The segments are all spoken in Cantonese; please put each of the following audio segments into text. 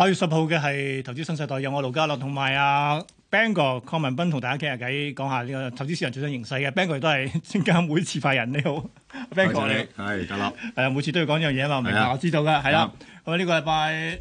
八月十號嘅係投資新世代有我盧家樂同埋阿 Bangor 鄺文斌同大家傾下偈，講下呢個投資市場最新形勢嘅。Bangor 都係證監會持牌人，你好，Bangor 你係家樂，誒，每次都要講一樣嘢啊嘛，明白？我知道噶，係啦。咁啊，呢個禮拜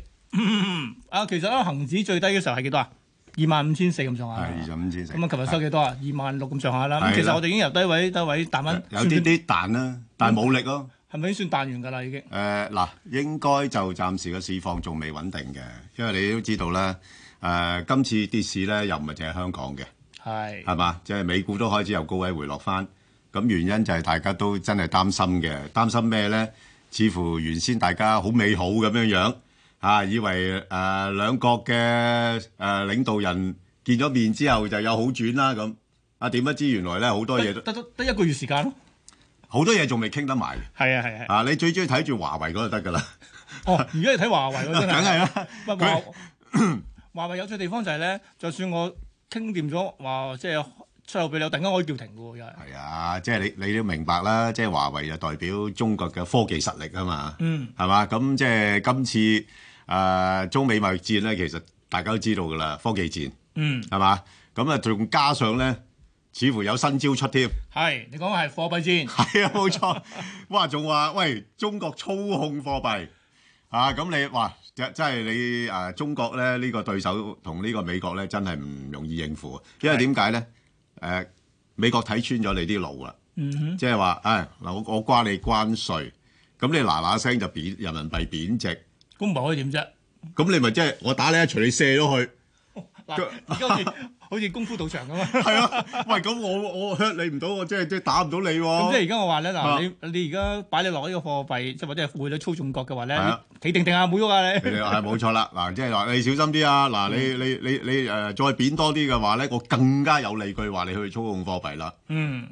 啊，其實咧，恒指最低嘅時候係幾多啊？二萬五千四咁上下。係二萬五千四。咁啊，琴日收幾多啊？二萬六咁上下啦。其實我哋已經由低位、低位彈翻。有啲啲彈啦，但係冇力咯。係咪算彈完㗎啦？已經誒，嗱，應該就暫時個市況仲未穩定嘅，因為你都知道咧，誒今次跌市咧又唔係淨係香港嘅，係係嘛，即係美股都開始由高位回落翻。咁原因就係大家都真係擔心嘅，擔心咩咧？似乎原先大家好美好咁樣樣啊，以為誒兩國嘅誒領導人見咗面之後就有好轉啦咁。啊點不知原來咧好多嘢都得得得一個月時間咯。好多嘢仲未傾得埋，係啊係啊！啊，你最中意睇住華為嗰個得㗎啦。哦，而家你睇華為嗰個真係。梗係啦，華華為有趣地方就係咧，就算我傾掂咗話，即係最後俾你，我突然間可以叫停㗎喎，又係。係啊，即係你你都明白啦，即係華為就代表中國嘅科技實力啊嘛。嗯。係嘛？咁即係今次誒中美貿易戰咧，其實大家都知道㗎啦，科技戰。嗯。係嘛？咁啊，仲加上咧。似乎有新招出添。係你講，係貨幣戰。係啊冇錯，哇仲話喂，中國操控貨幣啊，咁你哇，即係你誒、啊、中國咧呢個對手同呢個美國咧真係唔容易應付，因為點解咧，誒美國睇穿咗你啲路啦，嗯、哼，即係話誒嗱，我我關你關稅，咁你嗱嗱聲就貶人民幣貶值，咁唔可以點啫？咁你咪即係我打你一鎚，你卸咗去。而家好似 功夫道場咁啊！係 啊，喂，咁我我傷唔到我，我我即係、啊、即係打唔到你喎。咁即係而家我話咧，嗱，你你而家擺你落呢個貨幣，即係或者係負咗操縱國嘅話咧，啊、你定定啊，冇喐啊你。係冇、 啊、錯啦，嗱，即係話你小心啲啊，嗱、嗯，你你你你誒、呃、再貶多啲嘅話咧，我更加有理據話你去操縱貨幣啦。嗯。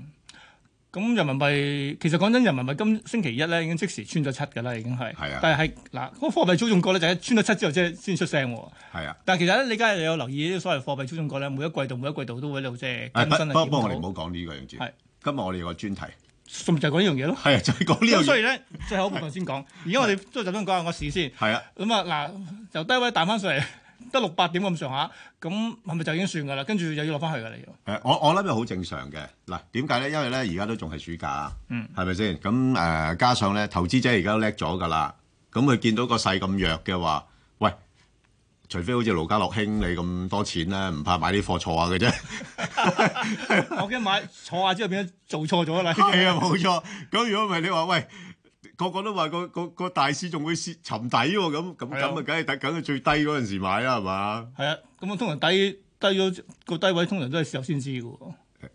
咁人民幣其實講真，人民幣今星期一咧已經即時穿咗七嘅啦，已經係。係啊。但係係嗱，嗰個貨幣操縱國咧，就係穿咗七之後即係先出聲喎。係啊。但係其實咧，你家下有留意啲所謂貨幣操縱國咧，每一季度每一季度都會喺度即係更新、啊、不不、不、不我哋唔好講呢個樣子。係。是今日我哋有個專題。就係講呢樣嘢咯。係啊，就係講呢樣。 所以咧，最後一部分先講。而家我哋都就咁講下個市先。係啊。咁啊、嗯，嗱，由低位彈翻上嚟。得六八點咁上下，咁係咪就已經算噶啦？跟住又要落翻去噶你要？誒，我我諗又好正常嘅。嗱，點解咧？因為咧，而家都仲係暑假，嗯，係咪先？咁誒，加上咧，投資者而家叻咗噶啦，咁佢見到個勢咁弱嘅話，喂，除非好似盧家樂兄你咁多錢啦，唔怕買啲貨錯下嘅啫。我驚買錯下之後變咗做錯咗啦。係啊，冇錯。咁如果唔係你話喂？個個都話個個個大市仲會蝕沉底喎，咁咁咁啊，梗係等緊佢最低嗰陣時買啦，係嘛？係啊，咁啊，通常低低咗個低位，通常都係事後先知噶。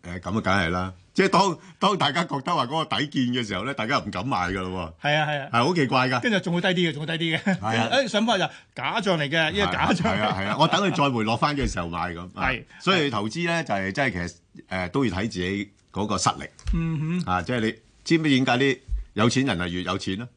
誒誒，咁啊，梗係啦，即係當當大家覺得話嗰個底見嘅時候咧，大家又唔敢買噶咯。係啊係啊，係好奇怪噶，跟住仲會低啲嘅，仲會低啲嘅。係啊，誒，上翻就假象嚟嘅，依個假象。係啊係啊，我等佢再回落翻嘅時候買咁。係，所以投資咧就係真係，其實誒都要睇自己嗰個實力。嗯哼，啊，即係你知唔知點解啲？有錢人係越有錢咯，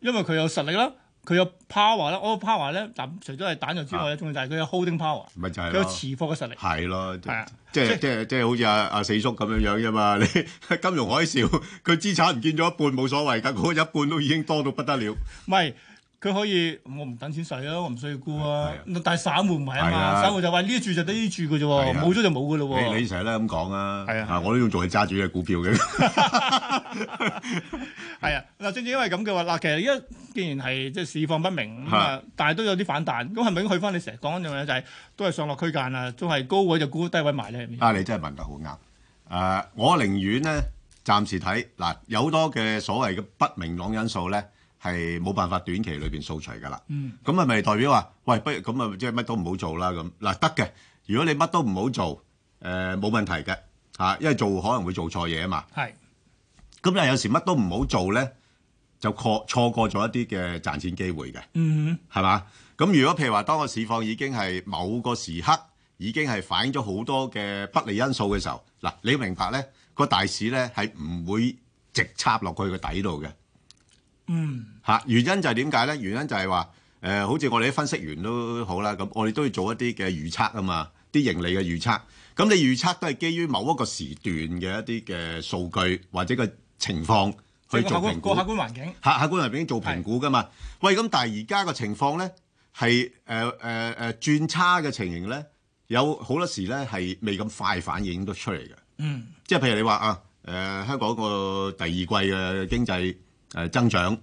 因為佢有實力啦，佢有 power 啦，我個 power 咧，除咗係彈藥之外，仲、啊、就係佢有 holding power，咪就係佢有持貨嘅實力，係咯，即係即係即係好似阿阿四叔咁樣樣啫嘛，你 金融海嘯佢資產唔見咗一半冇所謂噶，嗰、那個、一半都已經多到不得了，唔係。佢可以，我唔等錢使咯，我唔需要沽啊。但係散戶唔係啊嘛，散戶就話呢一住就得呢一住嘅啫喎，冇咗就冇嘅咯喎。你成日都咁講啊，啊我都用做你揸住嘅股票嘅。係啊，嗱，正正因為咁嘅話，嗱，其實而家既然係即係市況不明咁啊，但係都有啲反彈，咁係咪去翻你成日講嗰樣嘢？就係都係上落區間啊，都係高位就沽，低位買咧。啊，你真係問得好啱。誒，我寧願咧，暫時睇嗱，有好多嘅所謂嘅不明朗因素咧。係冇辦法短期裏邊掃除㗎啦。嗯，咁係咪代表話？喂，不如咁啊，即係乜都唔好做啦咁。嗱，得嘅。如果你乜都唔好做，誒，冇問題嘅嚇，因為做可能會做錯嘢啊嘛。係。咁但係有時乜都唔好做咧，就錯錯過咗一啲嘅賺錢機會嘅。嗯哼。係嘛？咁如果譬如話，當個市況已經係某個時刻已經係反映咗好多嘅不利因素嘅時候，嗱，你要明白咧，個大市咧係唔會直插落去個底度嘅。嗯，嚇原因就係點解咧？原因就係話誒，好似我哋啲分析員都好啦，咁我哋都要做一啲嘅預測啊嘛。啲盈利嘅預測，咁你預測都係基於某一個時段嘅一啲嘅數據或者個情況去做評估，客觀，客觀環境嚇客觀環境做評估噶嘛？是喂，咁但係而家個情況咧係誒誒誒轉差嘅情形咧，有好多時咧係未咁快反映到出嚟嘅。嗯，即係譬如你話啊，誒、呃、香港個第二季嘅經，經濟。誒，增長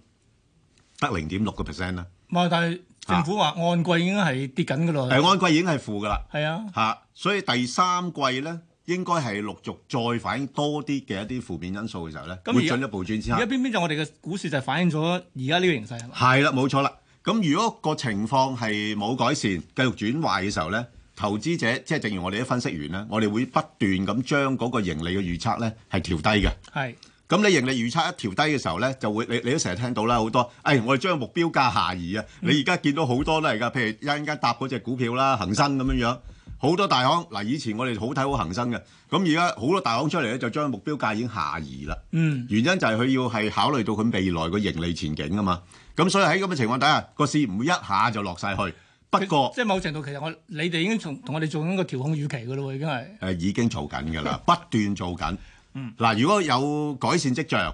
得零點六個 percent 啦。唔係，但係政府話按季已經係跌緊噶咯。係按季已經係負噶啦。係啊。嚇！所以第三季咧，應該係陸續再反映多啲嘅一啲負面因素嘅時候咧，會進一步轉差。之後，而偏偏就我哋嘅股市就反映咗而家呢個形勢係咪？係啦，冇錯啦。咁如果個情況係冇改善，繼續轉壞嘅時候咧，投資者即係正如我哋啲分析員咧，我哋會不斷咁將嗰個盈利嘅預測咧係調低嘅。係。咁你盈利預測一調低嘅時候咧，就會你你都成日聽到啦，好多誒、哎，我哋將目標價下移啊！嗯、你而家見到好多都係㗎，譬如一陣間搭嗰隻股票啦，恒生咁樣樣，好多大行嗱，以前我哋好睇好恒生嘅，咁而家好多大行出嚟咧，就將目標價已經下移啦。嗯，原因就係佢要係考慮到佢未來個盈利前景啊嘛。咁所以喺咁嘅情況底下，個市唔會一下就落晒去。不過即係某程度其實我你哋已經從同我哋做緊個調控預期㗎咯喎，已經係誒已經做緊㗎啦，不斷做緊。嗯，嗱，如果有改善跡象，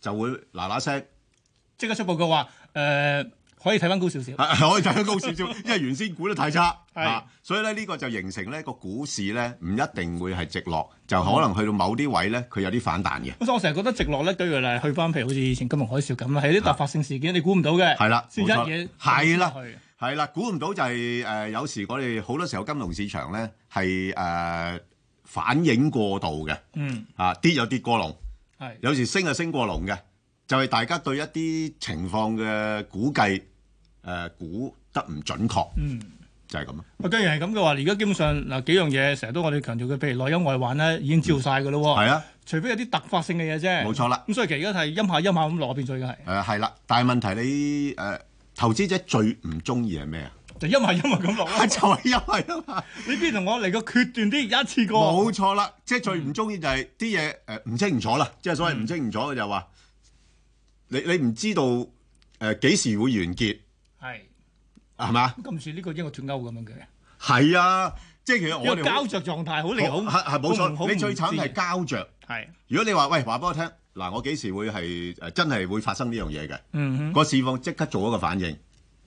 就會嗱嗱聲。即刻出報告話，誒可以睇翻高少少。可以睇翻高少少， 因為原先估得太差，是啊，所以咧呢個就形成呢個股市咧唔一定會係直落，就可能去到某啲位咧，佢有啲反彈嘅。所以我成日覺得直落咧，對佢嚟去翻譬如好似以前金融海嘯咁啦，係啲突發性事件，是你估唔到嘅。係啦的，先一嘢。係啦錯，係啦，估唔到就係、是、誒、呃，有時我哋好多時候金融市場咧係誒。反映過度嘅，嗯，啊跌就跌過龍，係，有時升就升過龍嘅，就係大家對一啲情況嘅估計，誒估得唔準確，嗯，就係咁咯。啊，既然係咁嘅話，而家基本上嗱幾樣嘢，成日都我哋強調嘅，譬如內憂外患咧，已經照晒㗎咯喎。係啊，除非有啲突發性嘅嘢啫。冇錯啦，咁所以而家係陰下陰下咁攞變最緊係。誒係啦，但係問題你誒投資者最唔中意係咩啊？就一萬一萬咁落，係就係一萬一萬。你邊同我嚟個決斷啲一次過？冇錯啦，即係最唔中意就係啲嘢誒唔清唔楚啦。即係所謂唔清唔楚嘅就係話，你你唔知道誒幾時會完結。係啊，係嘛？咁算呢個英國脱歐咁樣嘅？係啊，即係其實我哋膠著狀態好利好，冇錯。你最慘係膠著。係。如果你話喂話俾我聽，嗱我幾時會係誒真係會發生呢樣嘢嘅？嗯哼。個市況即刻做一個反應。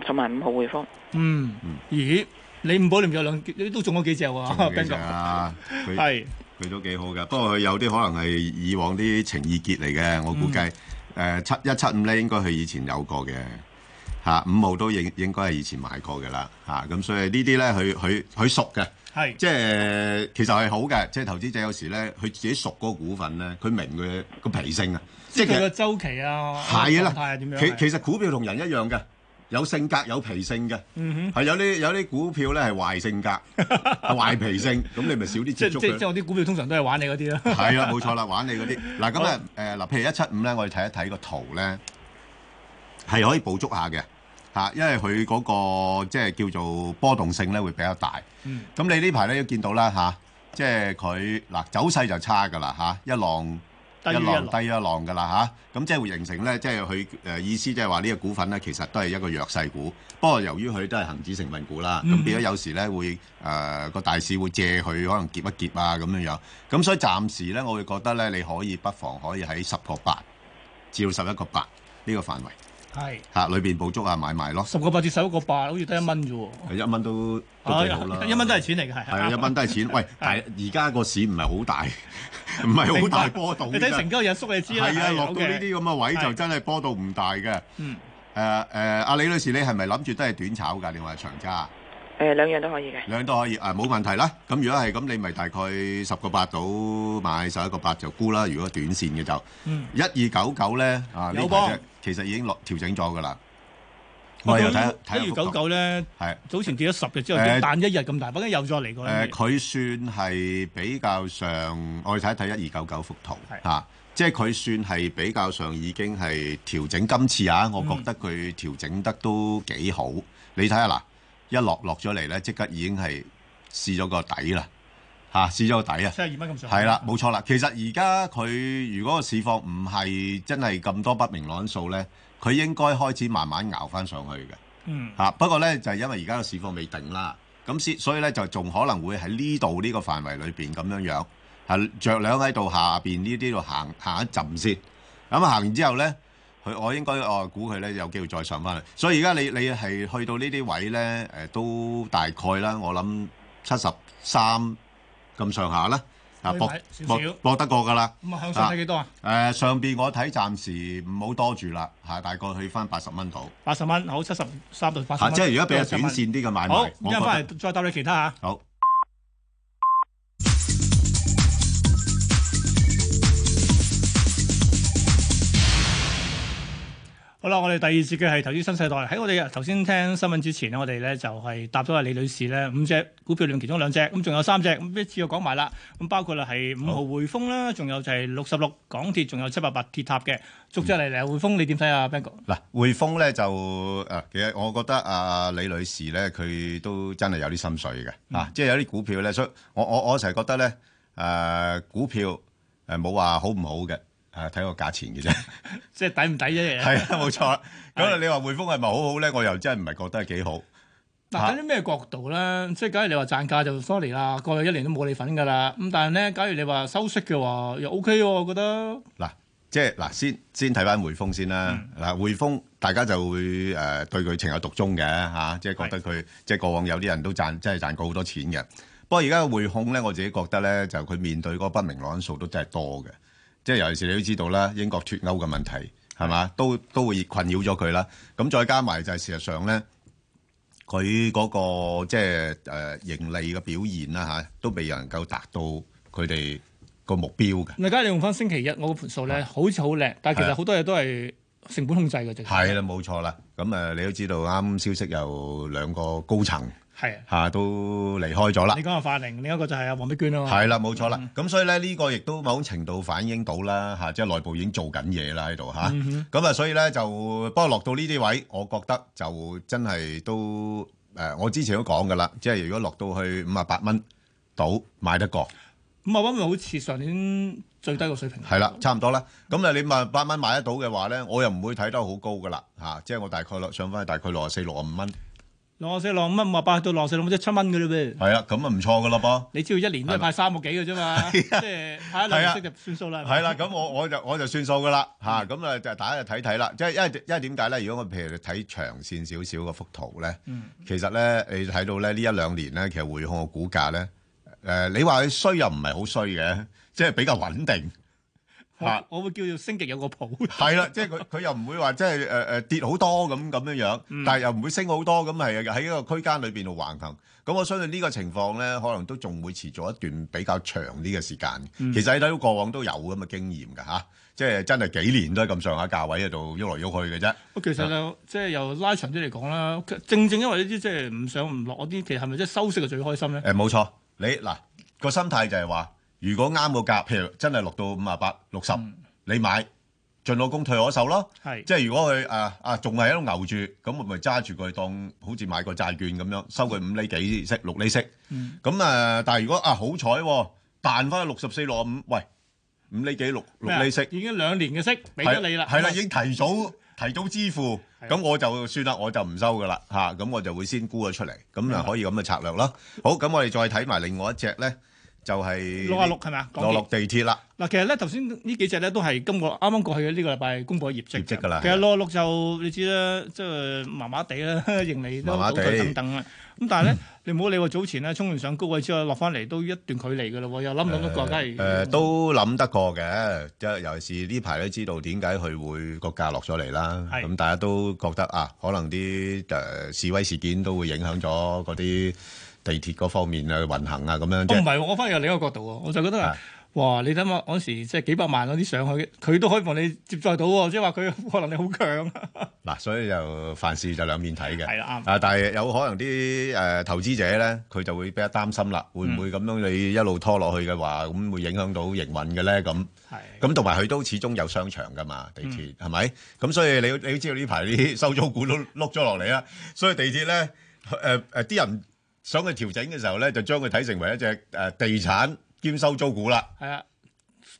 同埋五號匯豐。嗯，咦，你五保裏面有兩，你都中咗幾隻喎？中幾隻啊？係，佢都幾好㗎。不過佢有啲可能係以往啲情意結嚟嘅。我估計誒七一七五咧，應該佢以前有過嘅。嚇，五號都應應該係以前買過嘅啦。嚇，咁所以呢啲咧，佢佢佢熟嘅。係，即係其實係好嘅。即係投資者有時咧，佢自己熟嗰個股份咧，佢明佢個脾性啊，即係佢個週期啊，係啦，點樣？其其實股票同人一樣嘅。有性格，有脾性嘅。係有啲有啲股票咧係壞性格，壞脾性，咁你咪少啲接觸。即即即我啲股票通常都係玩你嗰啲咯。係啊，冇錯啦，玩你嗰啲。嗱咁啊誒嗱，譬如一七五咧，我哋睇一睇個圖咧，係可以捕捉下嘅嚇，因為佢嗰個即係叫做波動性咧會比較大。嗯。咁你呢排咧都見到啦嚇，即係佢嗱走勢就差噶啦嚇，一浪。一浪低一浪噶啦吓，咁、 啊、即係會形成呢，即係佢誒意思即係話呢個股份呢，其實都係一個弱勢股。不過由於佢都係恒指成分股啦，咁變咗有時呢，會誒個大市會借佢可能劫一劫啊咁樣樣。咁所以暫時呢，我會覺得呢，你可以不妨可以喺十個八至到十一個八呢個範圍。係嚇，裏邊捕捉啊，買埋咯。十個八至十一個八，好似得一蚊啫喎。一蚊都都幾好啦。一蚊都係錢嚟嘅，係。係啊，一蚊都係錢。喂，但而家個市唔係好大，唔係好大波動。你睇成交日縮你知啦。係啊，落到呢啲咁嘅位就真係波動唔大嘅。嗯。誒誒，阿李女士，你係咪諗住都係短炒㗎？你話長揸？誒兩樣都可以嘅，兩樣都可以誒冇問題啦。咁如果係咁，你咪大概十個八到買十一個八就沽啦。如果短線嘅就，一二九九咧啊，呢隻其實已經落調整咗㗎啦。我哋睇睇一二九九咧，係早前跌咗十日之後，跌彈一日咁大，而家又再嚟過。佢算係比較上，我哋睇一睇一二九九幅圖，嚇，即係佢算係比較上已經係調整今次啊。我覺得佢調整得都幾好。你睇下嗱。一落落咗嚟咧，即刻已經係試咗個底啦，嚇，試咗個底啊！即係二蚊咁上下。係啦，冇錯啦。其實而家佢如果個市況唔係真係咁多不明朗數咧，佢應該開始慢慢熬翻上去嘅。嗯。嚇，不過咧就係因為而家個市況未定啦，咁先所以咧就仲可能會喺呢度呢個範圍裏邊咁樣樣係著兩喺度下邊呢啲度行行一陣先，咁行完之後咧。佢我應該我估佢咧有機會再上翻嚟，所以而家你你係去到呢啲位咧，誒、呃、都大概啦，我諗七十三咁上下啦、啊啊呃，啊博少博得過㗎啦。咁啊向上睇幾多啊？誒上邊我睇暫時唔好多住啦，嚇大概去翻八十蚊度。八十蚊好，七十三到八十蚊，即係如果比較短線啲嘅買賣。好，依家翻嚟再答你其他嚇。好好啦，我哋第二節嘅係投資新世代。喺我哋頭先聽新聞之前咧，我哋咧就係、是、答咗阿李女士咧五隻股票，兩其中兩隻，咁仲有三隻，咁一次講埋啦。咁包括啦係五號匯豐啦，仲好有就係六十六港鐵，仲有七八八鐵塔嘅。續咗嚟嚟匯豐，你點睇啊，Ben 哥？嗱匯豐咧就誒，其實我覺得阿、啊、李女士咧，佢都真係有啲心水嘅。嗱、嗯，即係、啊就是、有啲股票咧，所以我我我成日覺得咧，誒、啊、股票誒冇話好唔好嘅。睇個價錢嘅啫，即係抵唔抵一樣。係啊，冇錯。咁、 啊、你話匯豐係咪好好咧？我又真係唔係覺得幾好。嗱，喺啲咩角度咧？即係假如你話賺價就 sorry 啦，過去一年都冇你份噶啦。咁但係咧，假如你話收息嘅話又 OK 我覺得、啊。嗱、啊，即係嗱、啊，先先睇翻匯豐先啦。嗱、嗯啊，匯豐大家就會誒、呃、對佢情有獨鍾嘅吓，即係覺得佢是即係過往有啲人都賺，真係賺過好多錢嘅。不過而家匯控咧，我自己覺得咧，就佢面對嗰個不明朗數都真係多嘅。即係尤其是你都知道啦，英國脫歐嘅問題係嘛，都都會困擾咗佢啦。咁再加埋就係事實上咧，佢嗰、那個即係誒盈利嘅表現啦、啊、嚇，都未有能夠達到佢哋個目標嘅。嗱，而家你用翻星期一我個盤數咧，好似好叻，但係其實好多嘢都係成本控制嘅啫。係啦，冇錯啦。咁誒，你都知道啱消息有兩個高層。係啊，都離開咗啦。你講下發寧，另一個就係阿黃碧娟啊嘛。係啦，冇錯啦。咁、嗯、所以咧，呢個亦都某種程度反映到啦，嚇，即係內部已經做緊嘢啦喺度嚇。咁啊、嗯哼，所以咧就不過落到呢啲位，我覺得就真係都誒、呃，我之前都講噶啦，即係如果落到去五啊八蚊到買得過，五啊八蚊好似上年最低個水平。係啦，差唔多啦。咁啊，你五啊八蚊買得到嘅話咧，我又唔會睇得好高噶啦，嚇，即係我大概落上翻去大概六啊四、六啊五蚊。六四六蚊五八到六四六蚊即七蚊嘅啫噃，係啊，咁啊唔錯嘅咯噃。你只要一年都係派三個幾嘅啫嘛，即係睇一兩息就算數啦。係啦、啊，咁吧、啊、我我就我就算數嘅啦吓，咁、嗯、啊就大家就睇睇啦。即係因為因為點解咧？如果我譬如你睇長線少少嘅幅圖咧，嗯、其實咧你睇到咧呢一兩年咧，其實匯控嘅股價咧，誒、呃、你話佢衰又唔係好衰嘅，即係比較穩定。嚇、啊！我會叫做升極有個譜。係 啦，即係佢佢又唔會話即係誒誒跌好多咁咁樣樣，嗯、但係又唔會升好多咁係喺一個區間裏邊度橫行。咁我相信呢個情況咧，可能都仲會持續一段比較長啲嘅時間。其實你睇到過往都有咁嘅經驗㗎嚇、啊，即係真係幾年都係咁上下價位喺度喐嚟喐去嘅啫。嗯、其實又、嗯、即係又拉長啲嚟講啦，正正因為呢啲即係唔上唔落，啲其實係咪即係收息係最開心咧？誒、嗯，冇錯，你嗱個心態就係話。如果啱個價，譬如真係落到五啊八、六十，你買，盡老公退我手咯。係，即係如果佢啊啊，仲係喺度牛住，咁咪揸住佢當好似買個債券咁樣，收佢五厘幾息、六厘息。嗯，咁啊，但係如果啊好彩，彈翻去六十四、六十五，喂，五厘幾、六六厘息，已經兩年嘅息俾咗你啦，係啦，已經提早提早支付，咁我就算啦，我就唔收噶啦，吓，咁我就會先沽咗出嚟，咁啊可以咁嘅策略啦。好，咁我哋再睇埋另外一隻咧。就係六啊六係咪啊？落落地鐵啦。嗱，其實咧頭先呢幾隻咧都係今個啱啱過去嘅呢個禮拜公佈業績嘅啦。其實六啊六就你知啦，即係麻麻地啦，盈利都冇幾等等啦。咁但係咧，你唔好理話早前咧衝完上高位之後落翻嚟都一段距離嘅嘞喎，又諗唔諗得過？梗係。誒，都諗得過嘅，即係尤其是呢排都知道點解佢會個價落咗嚟啦。咁大家都覺得啊，可能啲誒示威事件都會影響咗嗰啲。地鐵嗰方面去運行啊咁樣，我唔係，我反而又另一個角度喎，我就覺得話，哇！你睇下嗰時即係幾百萬嗰啲上去，佢都可以幫你接載到喎，即係話佢負荷能力好強啊。嗱，所以就凡事就兩面睇嘅，係啦啱。啊，但係有可能啲誒投資者咧，佢就會比較擔心啦，會唔會咁樣你一路拖落去嘅話，咁會影響到營運嘅咧？咁係咁，同埋佢都始終有商場㗎嘛，地鐵係咪？咁所以你你都知道呢排啲收租股都碌咗落嚟啦，所以地鐵咧誒誒啲人。想佢調整嘅時候咧，就將佢睇成為一隻誒地產兼收租股啦。係啊，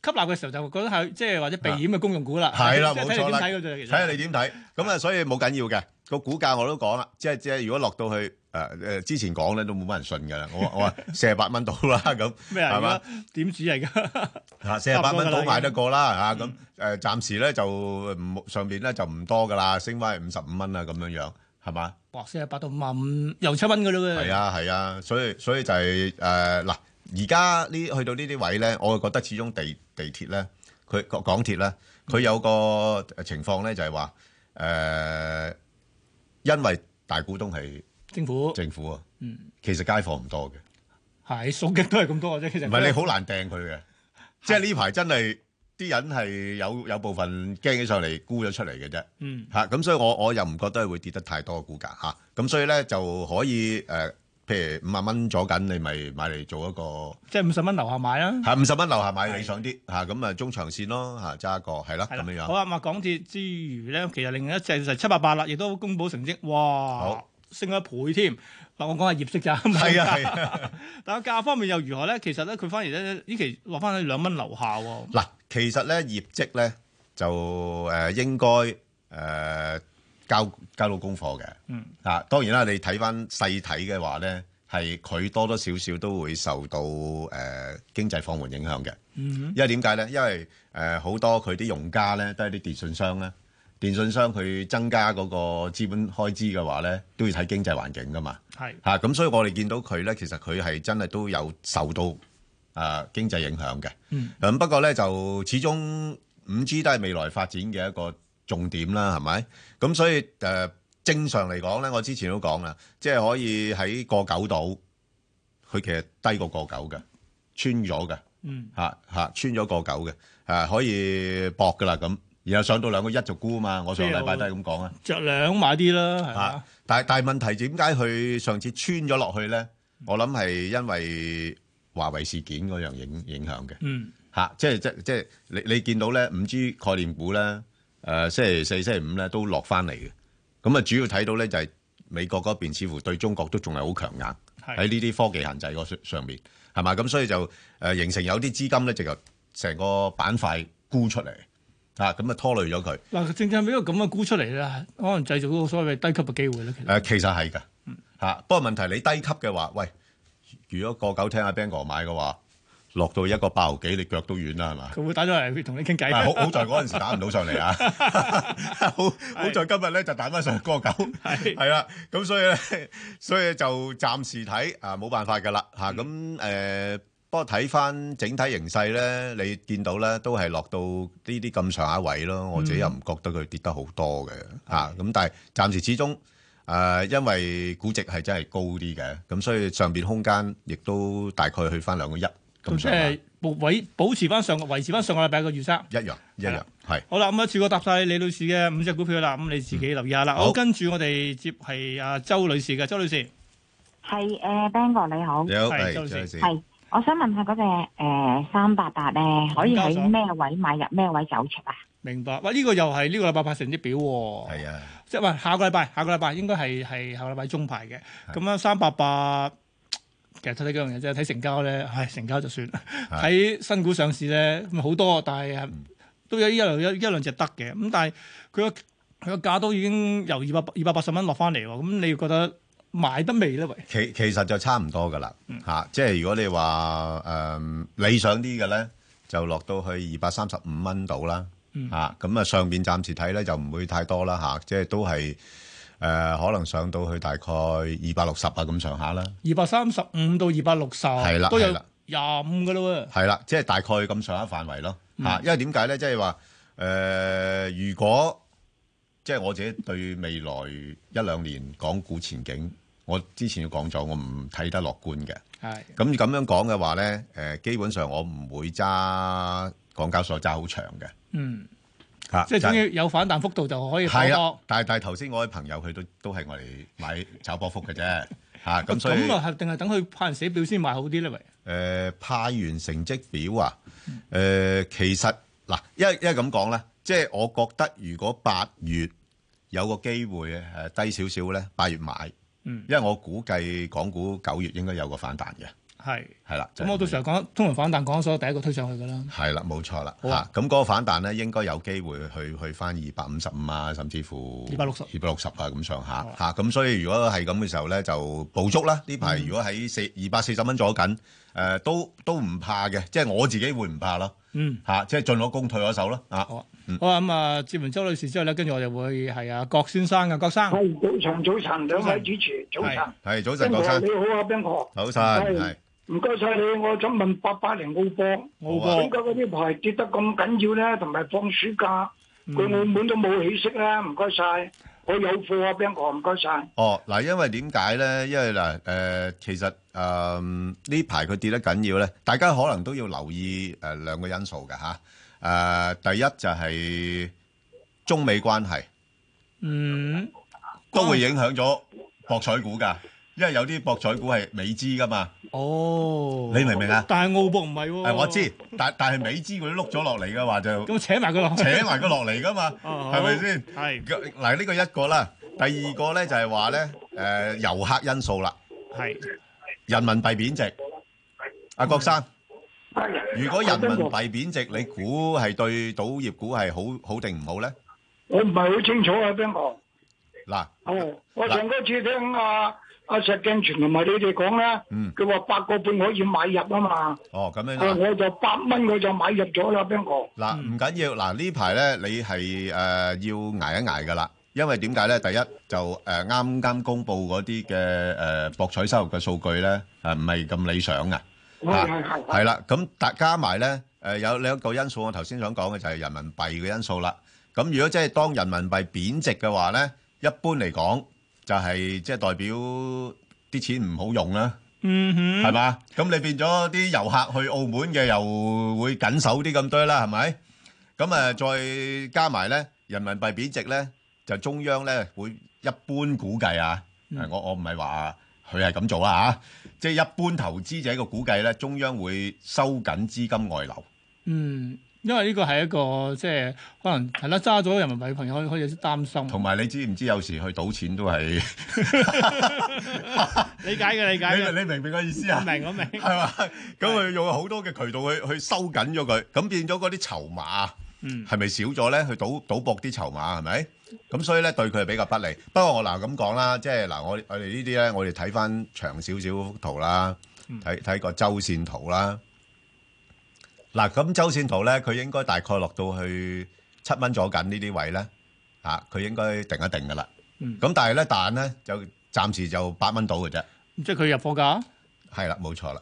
吸納嘅時候就會覺得係即係或者避險嘅公用股啦。係啦，冇錯啦。睇下你點睇？咁啊，所以冇緊要嘅個股價我都講啦。即係即係，如果落到去誒誒之前講咧，都冇乜人信㗎啦。我我話四十八蚊到啦咁，係嘛？點止係㗎？啊，四十八蚊到買得過啦嚇咁誒，暫時咧就唔上面咧就唔多㗎啦，升翻去五十五蚊啦咁樣樣。係嘛？哇！四百八到五萬五，又七蚊嘅啫喎。係啊，係啊，所以所以就係誒嗱，而家呢去到呢啲位咧，我覺得始終地地鐵咧，佢港港鐵咧，佢有個情況咧就係話誒，因為大股東係政府，政府啊，嗯，其實街貨唔多嘅，係數極都係咁多嘅啫。其實唔係你好難掟佢嘅，即係呢排真係。啲人係有有部分驚起上嚟沽咗出嚟嘅啫，嚇咁、嗯啊、所以我我又唔覺得會跌得太多嘅股價嚇，咁、啊、所以咧就可以誒、呃，譬如五萬蚊左緊，你咪買嚟做一個，即係五十蚊樓下買啦、啊，係五十蚊樓下買理想啲嚇，咁的啊中長線咯嚇，揸、啊、一個係啦咁樣樣。好啊，咪港鐵之餘咧，其實另一隻就係七百八啦，亦都公佈成績，哇！好升一倍添，嗱，我講下業績咋，係啊係啊， 但係價方面又如何咧？其實咧佢反而咧呢期落翻去兩蚊樓下喎。嗱，其實咧業績咧就誒應該誒交交到功課嘅，嗯啊當然啦，你睇翻細睇嘅話咧，係佢多多少少都會受到誒經濟放緩影響嘅、嗯哼，因為點解咧？因為誒好多佢啲用家咧都係啲電信商咧。電信商佢增加嗰個資本開支嘅話咧，都要睇經濟環境噶嘛。係嚇的，咁、啊、所以我哋見到佢咧，其實佢係真係都有受到啊經濟影響嘅。嗯，咁不過咧就始終五 G 都係未來發展嘅一個重點啦，係咪？咁所以誒、啊、正常嚟講咧，我之前都講啦，即、就、係、是、可以喺個九度，佢其實低過個九嘅穿咗嘅。嗯，嚇嚇、啊、穿咗個九嘅誒，可以搏噶啦咁。然後上到兩個一就沽啊嘛！有我上個禮拜都係咁講啊，着兩買啲啦。嚇！但係但係問題點解佢上次穿咗落去咧？嗯、我諗係因為華為事件嗰樣影影響嘅。嗯。嚇、啊！即係即即係你你見到咧五 G 概念股咧，誒、呃，星期四、星期五咧都落翻嚟嘅。咁啊，主要睇到咧就係、是、美國嗰邊似乎對中國都仲係好強硬，喺呢啲科技限制嗰上面，係嘛？咁所以就誒形成有啲資金咧就由成個板塊沽出嚟。嗯、啊，咁啊拖累咗佢。嗱，正正俾個咁嘅估出嚟啦？可能製造嗰個所謂嘅低級嘅機會咧，其實其實係噶。嚇，不過問題你低級嘅話，喂，如果個狗聽阿 Bang 哥買嘅話，落到一個爆幾，你腳都軟啦，係嘛？佢會打咗嚟，同你傾偈。好，好在嗰陣時打唔到上嚟啊！ 好好在今日咧，就打翻上個狗，係啦。咁所以咧，所以就暫時睇啊，冇辦法㗎啦嚇。咁誒。不過睇翻整體形勢咧，你見到咧都係落到呢啲咁上下位咯。我自己又唔覺得佢跌得好多嘅啊。咁但係暫時始終誒，因為估值係真係高啲嘅，咁所以上邊空間亦都大概去翻兩個一咁上下。咁即位保持翻上維持翻上個禮拜嘅預測一樣一樣係好啦。咁啊，次過答曬李女士嘅五隻股票啦。咁你自己留意下啦。好，跟住我哋接係阿周女士嘅。周女士係誒，Bang 哥你好，你好，係，你好，我想問下嗰隻三八八咧，呃、可以喺咩位買入，咩位走出啊？明白，喂，呢、呢個又係呢個禮拜八成績表喎。啊，啊即係喂，下個禮拜，下個禮拜應該係係下個禮拜中排嘅。咁啊，三八八其實睇睇幾樣嘢啫，睇成交咧，係、哎、成交就算啦。睇、啊、新股上市咧，咪好多，但係都有一一一兩隻得嘅。咁但係佢個佢個價都已經由二百二百八十蚊落翻嚟喎。咁你覺得？買得未咧？喂，其其實就差唔多噶啦，嚇、嗯啊，即係如果你話誒、呃、理想啲嘅咧，就落到去二百三十五蚊度啦，嚇、嗯，咁啊上邊暫時睇咧就唔會太多啦，嚇、啊，即係都係誒、呃、可能上到去大概二百六十啊咁上下啦。二百三十五到二百六十，係啦，都有廿五噶咯喎。係啦、嗯，即係大概咁上下範圍咯，嚇，因為點解咧？即係話誒，如果即係、就是、我自己對未來一兩年港股前景。 我之前講咗，我唔睇得樂觀嘅。係咁咁樣講嘅話咧，誒，基本上我唔會揸港交所揸好長嘅。嗯，嚇、啊，即係是總要有反彈幅度就可以好多、啊。但係但係頭先我啲朋友佢都都係我哋買炒波幅嘅啫，嚇咁、 啊、所以咁啊，係定係等佢派完成績表先買好啲咧？咪誒、呃、派完成績表啊？誒、啊呃，其實嗱，因為因為咁講咧，即係、就是、我覺得如果八月有個機會誒低少少咧，八月買。嗯，因為我估計港股九月應該有個反彈嘅，係係啦。咁、就是、我到時候講通常反彈，港股所第一個推上去嘅啦。係啦，冇錯啦。嚇、啊，咁嗰、那個反彈咧應該有機會去去返二百五十五啊，甚至乎二百六十、二百六十啊咁上下。嚇，咁所以如果係咁嘅時候咧，就捕捉啦。呢排如果喺四二百四十蚊左緊，誒、呃、都都唔怕嘅，即、就、係、是、我自己會唔怕咯。嗯。嚇，即係進咗攻退咗守咯。啊。好啊咁啊，接完周女士之後咧，跟住我就會係啊郭先生啊，郭生，早晨早晨，兩位主持，早晨，係早晨，早晨，你好啊，冰哥，早晨，係唔該晒你。我想問八八零澳股，澳股點解嗰啲牌跌得咁緊要咧？同埋放暑假佢滿滿都冇起色咧？唔該晒，我有貨啊，冰哥，唔該晒。哦，嗱，因為點解咧？因為嗱，誒，其實誒呢排佢跌得緊要咧，大家可能都要留意誒兩個因素嘅吓。誒，第一就係中美關係，嗯，都會影響咗博彩股噶因為有啲博彩股係美資噶嘛，哦，你明唔明啊？但係澳博唔係喎，誒，我知，但但係美資佢碌咗落嚟噶話就，咁請埋佢落，請埋佢落嚟噶嘛，係咪先？係，嗱呢個一個啦，第二個咧就係話咧，誒遊客因素啦，係，人民幣貶值，阿郭生。如果人民幣貶值，你估係對賭業股係好好定唔好咧？我唔係好清楚啊，邊個？嗱，我上嗰次聽阿阿石敬全同埋你哋講咧，佢話八個半可以買入啊嘛。哦，咁樣，我我就八蚊我就買入咗啦，邊個？嗱，唔緊要，嗱呢排咧，你係誒要捱一捱噶啦，因為點解咧？第一就誒啱啱公布嗰啲嘅誒博彩收入嘅數據咧，誒唔係咁理想㗎。係係係，係啦，咁加埋咧，誒有兩個因素，我頭先想講嘅就係人民幣嘅因素啦。咁如果即係當人民幣貶值嘅話咧，一般嚟講就係即係代表啲錢唔好用啦。嗯哼，係嘛？咁你變咗啲遊客去澳門嘅又會緊守啲咁多啦，係咪？咁誒再加埋咧，人民幣貶值咧，就中央咧會一般估計啊。我我唔係話佢係咁做啦嚇。即係一般投資者嘅估計咧，中央會收緊資金外流。嗯，因為呢個係一個即係可能係啦，揸咗人民幣嘅朋友可以可以有啲擔心。同埋你知唔知有時去賭錢都係 理解嘅，理解嘅。你你明白個意思啊？明，我明。係 嘛？咁佢用好多嘅渠道去去收緊咗佢，咁變咗嗰啲籌碼。嗯，係咪少咗咧？去賭賭博啲籌碼係咪？咁所以咧，對佢係比較不利。不過我嗱咁講啦，即係嗱，我我哋呢啲咧，我哋睇返長少少幅圖啦，睇睇個周線圖啦。嗱，咁周線圖咧，佢應該大概落到去七蚊左近呢啲位咧，吓佢應該定一定噶啦。咁、嗯、但係咧，但咧就暫時就八蚊到嘅啫。即係佢入貨價？係啦，冇錯啦。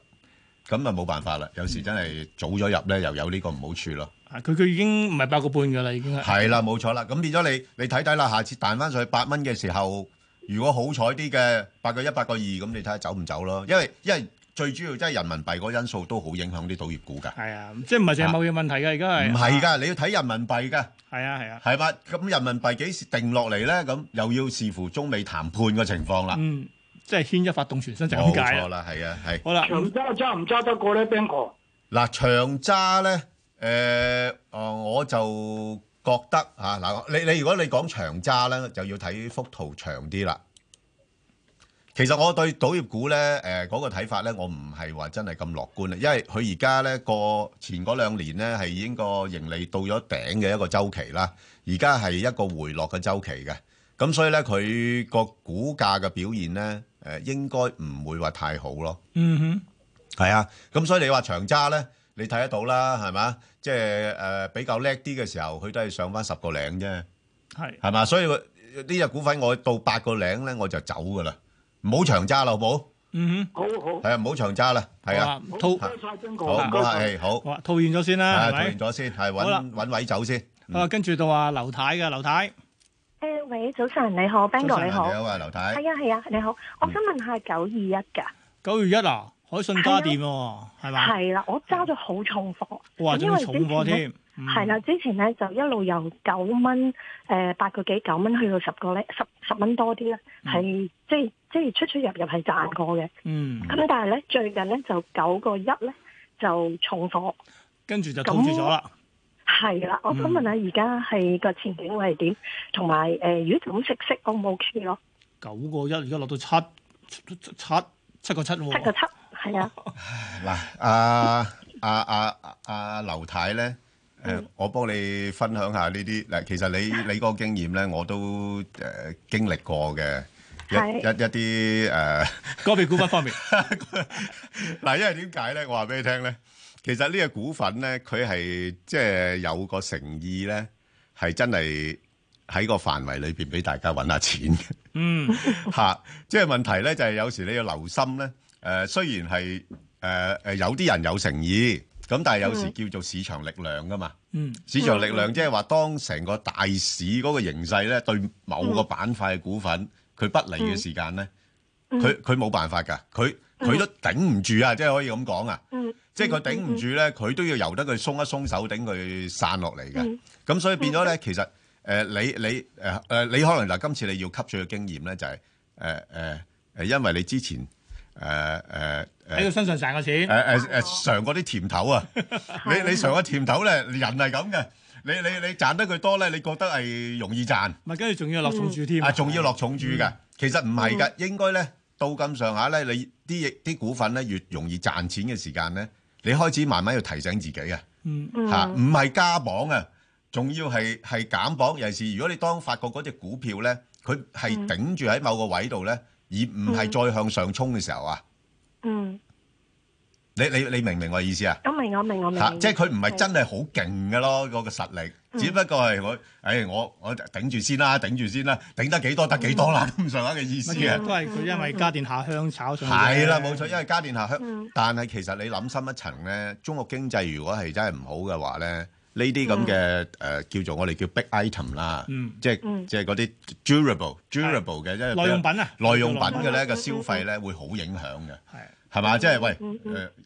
咁啊，冇辦法啦。有時真係早咗入咧，又有呢個唔好處咯。佢佢、啊、已經唔係八個半嘅啦，已經係啦，冇、啊、錯啦。咁變咗你你睇睇啦，下次彈翻上去八蚊嘅時候，如果好彩啲嘅八個一、八個二，咁你睇下走唔走咯。因為因為最主要即係人民幣嗰因素都好影響啲賭業股㗎。係啊，即係唔係淨係貿易問題㗎，而家係唔係㗎？啊啊、你要睇人民幣㗎。係啊係啊，係嘛、啊？咁人民幣幾時定落嚟咧？咁又要視乎中美談判嘅情況啦。嗯，即係牽一發動全身就咁解啦。係啊係。好啦，長揸揸唔揸得過咧邊個嗱，長揸咧。誒，我就覺得嚇嗱，你你如果你講長揸咧，就要睇幅圖長啲啦。其實我對賭業股咧，誒嗰個睇法咧，我唔係話真係咁樂觀啦，因為佢而家咧過前嗰兩年咧係已經個盈利到咗頂嘅一個週期啦，而家係一個回落嘅週期嘅，咁所以咧佢個股價嘅表現咧，誒應該唔會話太好咯。嗯哼，係啊，咁所以你話長揸咧，你睇得到啦，係嘛？.即係誒，比較叻啲嘅時候，佢都係上翻十個零啫，係係嘛，所以呢隻股份我到八個零咧，我就走噶啦，唔好長揸啦，好冇？嗯，好好，係啊，唔好長揸啦，係啊，好，好，好，好，套現咗先啦，套現咗先，係搵位走先啊。跟住就話劉太嘅，劉太，誒，喂，早晨，你好。Bingo，你好。你好啊，劉太。係啊，係啊，你好。我想問下九二一㗎。九二一啊。海信家電係嘛，係啦，我揸咗好重貨，還住重貨添係啦。之前咧就一路由九蚊誒八個幾九蚊去到十個咧十十蚊多啲啦，係即係即係出出入入係賺過嘅。嗯，咁但係咧最近咧就九個一咧就重貨，跟住就套住咗啦。係啦、嗯，我想問下而家係個前景會係點？同埋誒，如果咁息息，可唔 ok 咯？九個一而家落到七七七個七，七個七。係 啊，嗱、啊，阿阿阿阿劉太咧，誒、呃，的我幫你分享下呢啲。嗱，其實你的你個經驗咧，我都誒經歷過嘅，一的一啲誒，個別、呃、股份方面。嗱， 因為點解咧？我話俾你聽咧，其實呢個股份咧，佢係即係有個誠意咧，係真係喺個範圍裏邊俾大家揾下錢嘅。嗯，吓、 啊，即係問題咧，就係有時你要留心咧。誒、呃，雖然係誒誒，有啲人有誠意咁，但係有時叫做市場力量噶嘛。嗯，市場力量即係話，當成個大市嗰個形勢咧，對某個板塊嘅股份佢不利嘅時間咧，佢佢冇辦法噶，佢佢都頂唔住啊，即係可以咁講啊。即係佢頂唔住咧，佢都要由得佢鬆一鬆手，頂佢散落嚟嘅。咁、嗯嗯、所以變咗咧，其實誒、呃，你你誒誒、呃，你可能嗱，今次你要吸取嘅經驗咧，就係誒誒誒，因為你之前。誒誒喺佢身上賺嘅錢，誒誒誒嘗過啲甜頭啊！你你嘗個甜頭咧，人係咁嘅。你你你賺得佢多咧，你覺得係容易賺。唔係，跟住仲要落重注添。啊，仲要落重注嘅。其實唔係噶，應該咧到咁上下咧，你啲啲股份咧越容易賺錢嘅時間咧，你開始慢慢要提醒自己啊。嗯嗯吓，唔係加磅啊，仲要係係減磅。尤其是如果你當發覺嗰隻股票咧，佢係頂住喺某個位度咧。而唔係再向上衝嘅時候啊！嗯，你你你明唔明我意思啊？我明我明我明、啊，即係佢唔係真係好勁㗎咯，個、嗰個實力，嗯、只不過係、哎、我，誒我我頂住先啦、啊，頂住先啦、啊，頂得幾多得幾多啦咁上下嘅意思啊。都係佢因為家電下鄉炒上嚟。係、嗯、啦，冇、嗯嗯、 錯，因為家電下鄉，嗯、但係其實你諗深一層咧，中國經濟如果係真係唔好嘅話咧。呢啲咁嘅誒叫做我哋叫 big item 啦，即係即係嗰啲 durable durable 嘅，即係耐用品啊，耐用品嘅咧個消費咧會好影響嘅，係嘛？即係喂，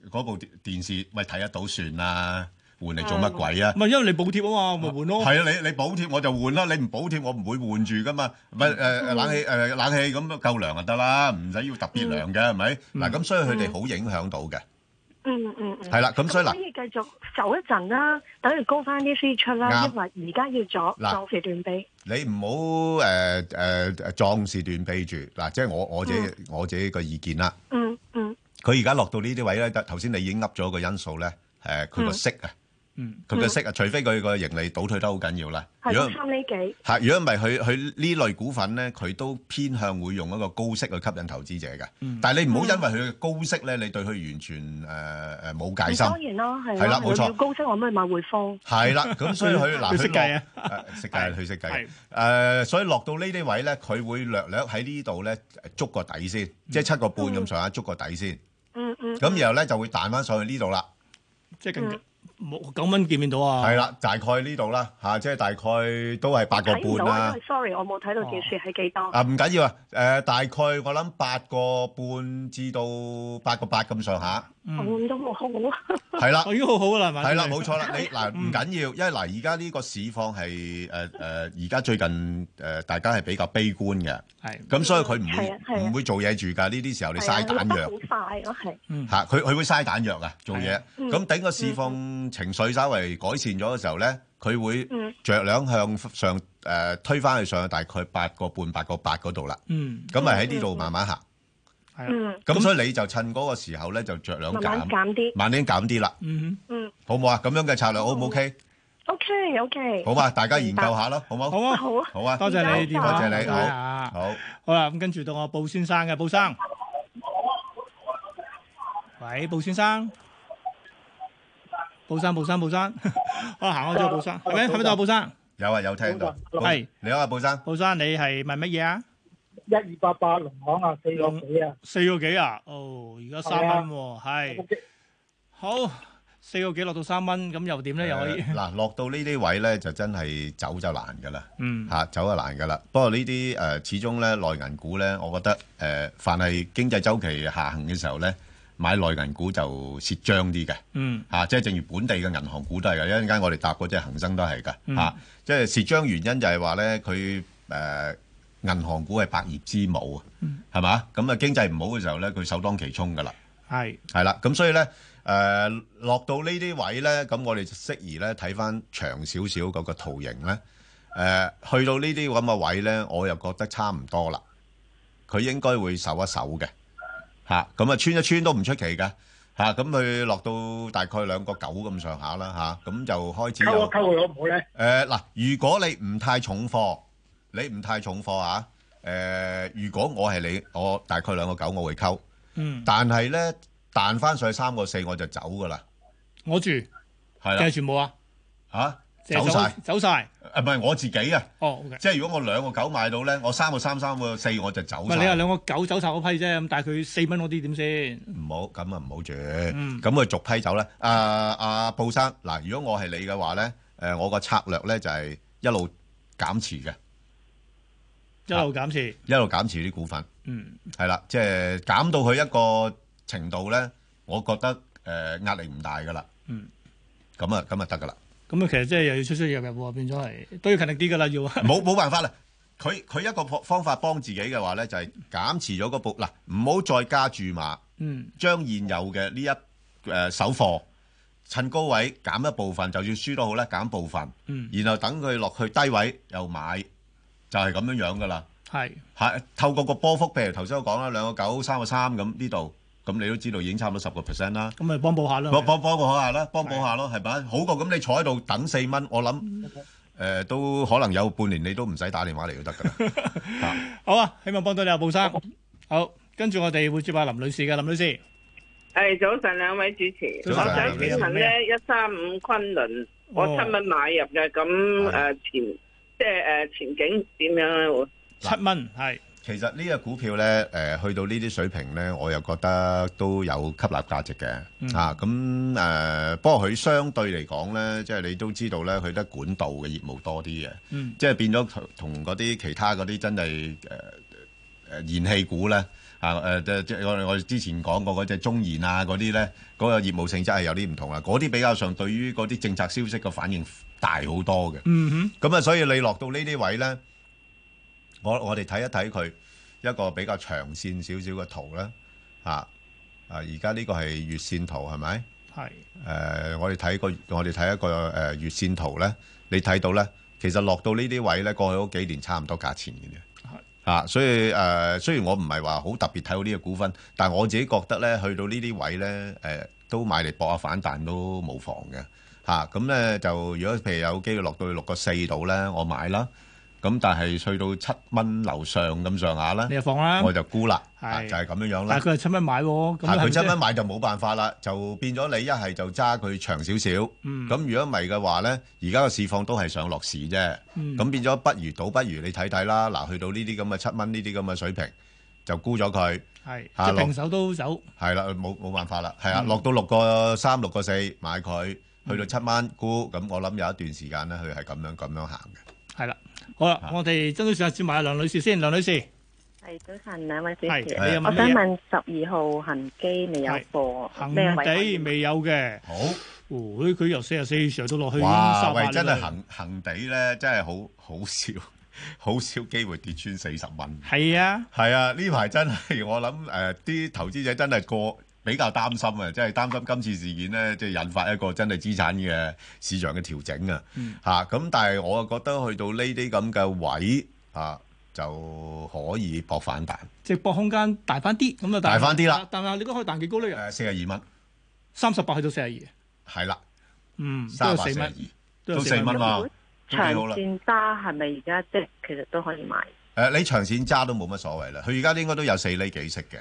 嗰部電視喂睇得到算啦，換嚟做乜鬼啊？唔係因為你補貼啊嘛，咪換咯。係啊，你你補貼我就換啦，你唔補貼我唔會換住噶嘛。唔係，誒冷氣誒冷氣咁夠涼就得啦，唔使要特別涼嘅係咪？嗱咁所以佢哋好影響到嘅。嗯嗯嗯，係啦，咁所以嗱，可以繼續走一陣啦，等佢高翻啲先出啦，因為而家要作壯士斷臂。你唔好誒誒壯士斷臂住，嗱，即係我我自己我自己個意見啦。嗯嗯。佢而家落到呢啲位咧，頭先你已經噏咗個因素咧，誒，佢個息啊。嗯，佢嘅息啊，除非佢個盈利倒退得好緊要啦。係差呢幾吓，如果唔係佢佢呢類股份咧，佢都偏向會用一個高息去吸引投資者嘅。但係你唔好因為佢嘅高息咧，你對佢完全誒誒冇戒心。當然啦，係啦，冇錯，高息我咩買匯豐，係啦，咁所以佢嗱佢計啊，計佢識計誒，所以落到呢啲位咧，佢會略略喺呢度咧捉個底先，即係七個半咁上下捉個底先。嗯嗯。咁然後咧就會彈翻上去呢度啦，即係更加。九蚊見面到啊！係啦，大概呢度啦嚇，即係大概都係八個半啦。Sorry，我冇睇到條線係幾多？啊唔緊要啊，誒大概我諗八個半至到八個八咁上下。我都好，係啦，已經好好啦，係咪？係啦，冇錯啦，你嗱唔緊要，因為嗱而家呢個市況係誒誒而家最近誒大家係比較悲觀嘅，係咁所以佢唔唔會做嘢住㗎呢啲時候，你嘥彈藥。好快咯，係嚇佢佢會嘥彈藥啊，做嘢咁頂個市況。情緒稍微改善咗嘅時候咧，佢會着兩向上誒推返去上大概八個半、八個八嗰度啦。嗯，咁咪喺呢度慢慢行。嗯，咁所以你就趁嗰個時候咧，就着兩減，減啲，慢啲減啲啦。嗯嗯，好唔好啊？咁樣嘅策略好唔 OK？OK，OK，好啊，大家研究下咯，好唔好？好啊，好啊，好啊，多謝你，多謝你，好。好，好啦，咁跟住到我布先生嘅，布生。喂，布先生。寶山，寶山，寶山，我行開咗寶山，係咪？係咪？都寶山？有啊，有聽到。係你好啊，寶山。寶山，你係問乜嘢啊？一二八八農行啊，四個幾啊？四個幾啊？哦，而家三蚊喎，係。好，四個幾落到三蚊，咁又點咧？又可以嗱，落到呢啲位咧，就真係走就難噶啦。嗯，吓走就難噶啦。不過呢啲誒，始終咧，內銀股咧，我覺得誒，凡係經濟周期下行嘅時候咧。買內銀股就蝕章啲嘅，嚇、嗯啊，即係正如本地嘅銀行股都係嘅，一陣間我哋搭嗰隻恒生都係嘅，嚇、嗯啊，即係蝕章原因就係話咧，佢誒、呃、銀行股係百業之母啊，係嘛、嗯？咁啊經濟唔好嘅時候咧，佢首當其衝嘅啦，係係啦，咁所以咧誒、呃、落到呢啲位咧，咁我哋就適宜咧睇翻長少少嗰個圖形咧，誒、呃、去到這這呢啲咁嘅位咧，我又覺得差唔多啦，佢應該會守一守嘅。啊，咁啊穿一穿都唔出奇嘅，吓咁佢落到大概兩個九咁上下啦，吓、啊、咁就開始。溝一溝佢好唔好咧？誒，嗱、呃，如果你唔太重貨，你唔太重貨啊，誒、呃，如果我係你，我大概兩個九我會溝，嗯，但係咧彈翻上去三個四我就走噶啦。我住係啊，定係全部啊？吓！走晒，走晒，誒，走，唔係、啊、我自己啊。哦，okay、即係如果我兩個九買到咧，我三個三，三個四，我就走曬。唔係你話兩個九走晒嗰批啫，咁但係佢四蚊嗰啲點先？唔好，咁啊唔好住。咁佢逐批走咧。阿阿布生，嗱，如果我係你嘅話咧，誒、呃，我個策略咧就係一路減持嘅、啊，一路減持，一路減持啲股份。嗯，係啦，即係減到佢一個程度咧，我覺得誒、呃、壓力唔大噶啦。嗯，咁啊、嗯，咁啊得噶啦。咁啊，其實即係又要出出入入喎，變咗係都要勤力啲噶啦，要冇冇辦法啦。佢佢一個方方法幫自己嘅話咧，就係減持咗嗰部嗱，唔好再加注碼，將現有嘅呢一誒手貨趁高位減一部分，就算輸都好咧，減部分，然後等佢落去低位又買，就係咁樣樣噶啦。係係透過個波幅，譬如頭先我講啦，兩個九三個三咁呢度。咁你都知道已經差唔多十個 percent 啦，咁咪幫補下咯，幫幫幫補下啦，幫補下咯，係咪啊？好過咁你坐喺度等四蚊，我諗誒都可能有半年你都唔使打電話嚟就得㗎啦。好啊，希望幫到你阿布生。好，跟住我哋會接下林女士嘅。林女士，誒，早晨兩位主持，我想問咧，一三五崑崙，我七蚊買入嘅，咁誒前即係誒前景點樣咧？七蚊係。其實呢個股票咧，誒、呃、去到呢啲水平咧，我又覺得都有吸納價值嘅、嗯、啊。咁誒、呃，不過佢相對嚟講咧，即係你都知道咧，佢得管道嘅業務多啲嘅，嗯、即係變咗同嗰啲其他嗰啲真係誒誒燃氣股咧啊誒，即係我我之前講過嗰隻中燃啊嗰啲咧，嗰、嗰個業務性質係有啲唔同啊。嗰啲比較上對於嗰啲政策消息嘅反應大好多嘅。咁啊、嗯哼，所以你落到呢啲位咧。我我哋睇一睇佢一個比較長線少少嘅圖咧嚇，啊而家呢個係月線圖係咪？係。誒的、呃、我哋睇個我哋睇一個誒、呃、月線圖咧，你睇到咧，其實落到呢啲位咧，過去嗰幾年差唔多價錢嘅啫。係的。嚇、啊，所以誒、呃，雖然我唔係話好特別睇到呢個股份，但係我自己覺得咧，去到呢啲位咧，誒、呃、都買嚟搏下反彈都冇妨嘅。嚇、啊，咁咧就如果譬如有機會落到去六個四度咧，我買啦。咁但係去到七蚊樓上咁上下啦，你又放啦，我就沽啦，就係咁樣樣啦。但係佢係七蚊買喎，係佢七蚊買就冇辦法啦，就變咗你一係就揸佢長少少。咁如果唔係嘅話咧，而家個市況都係上落市啫。咁變咗不如倒不如你睇睇啦。嗱，去到呢啲咁嘅七蚊呢啲咁嘅水平就沽咗佢，係即係平手都走係啦，冇冇辦法啦，係啊，落到六個三六個四買佢，去到七蚊沽咁，我諗有一段時間咧，佢係咁樣咁樣行嘅，係啦。好啦，啊、我哋真係想接埋阿梁女士先，梁女士。係早晨啊，兩位小姐，我想問十二號恆基未有貨？恆地未有嘅。有好，佢、哦、由四十四上到落去十真係恆恆地咧，真係好好少，好少機會跌穿四十蚊。係啊，係啊，呢排真係我諗誒，啲、呃、投資者真係過。比較擔心啊，即係擔心今次事件咧，即係引發一個真係資產嘅市場嘅調整、嗯、啊。嚇咁，但係我又覺得去到呢啲咁嘅位啊，就可以博反彈，即係博空間大翻啲咁啊！大翻啲啦，但係你都可以彈幾高咧？誒、呃，四十二蚊，三十八去到四十二，係啦了，嗯，三十四蚊，二，都四蚊啦。長線揸係咪而家即係其實都可以買？誒、呃，你長線揸都冇乜所謂啦。佢而家應該都有四厘幾息嘅。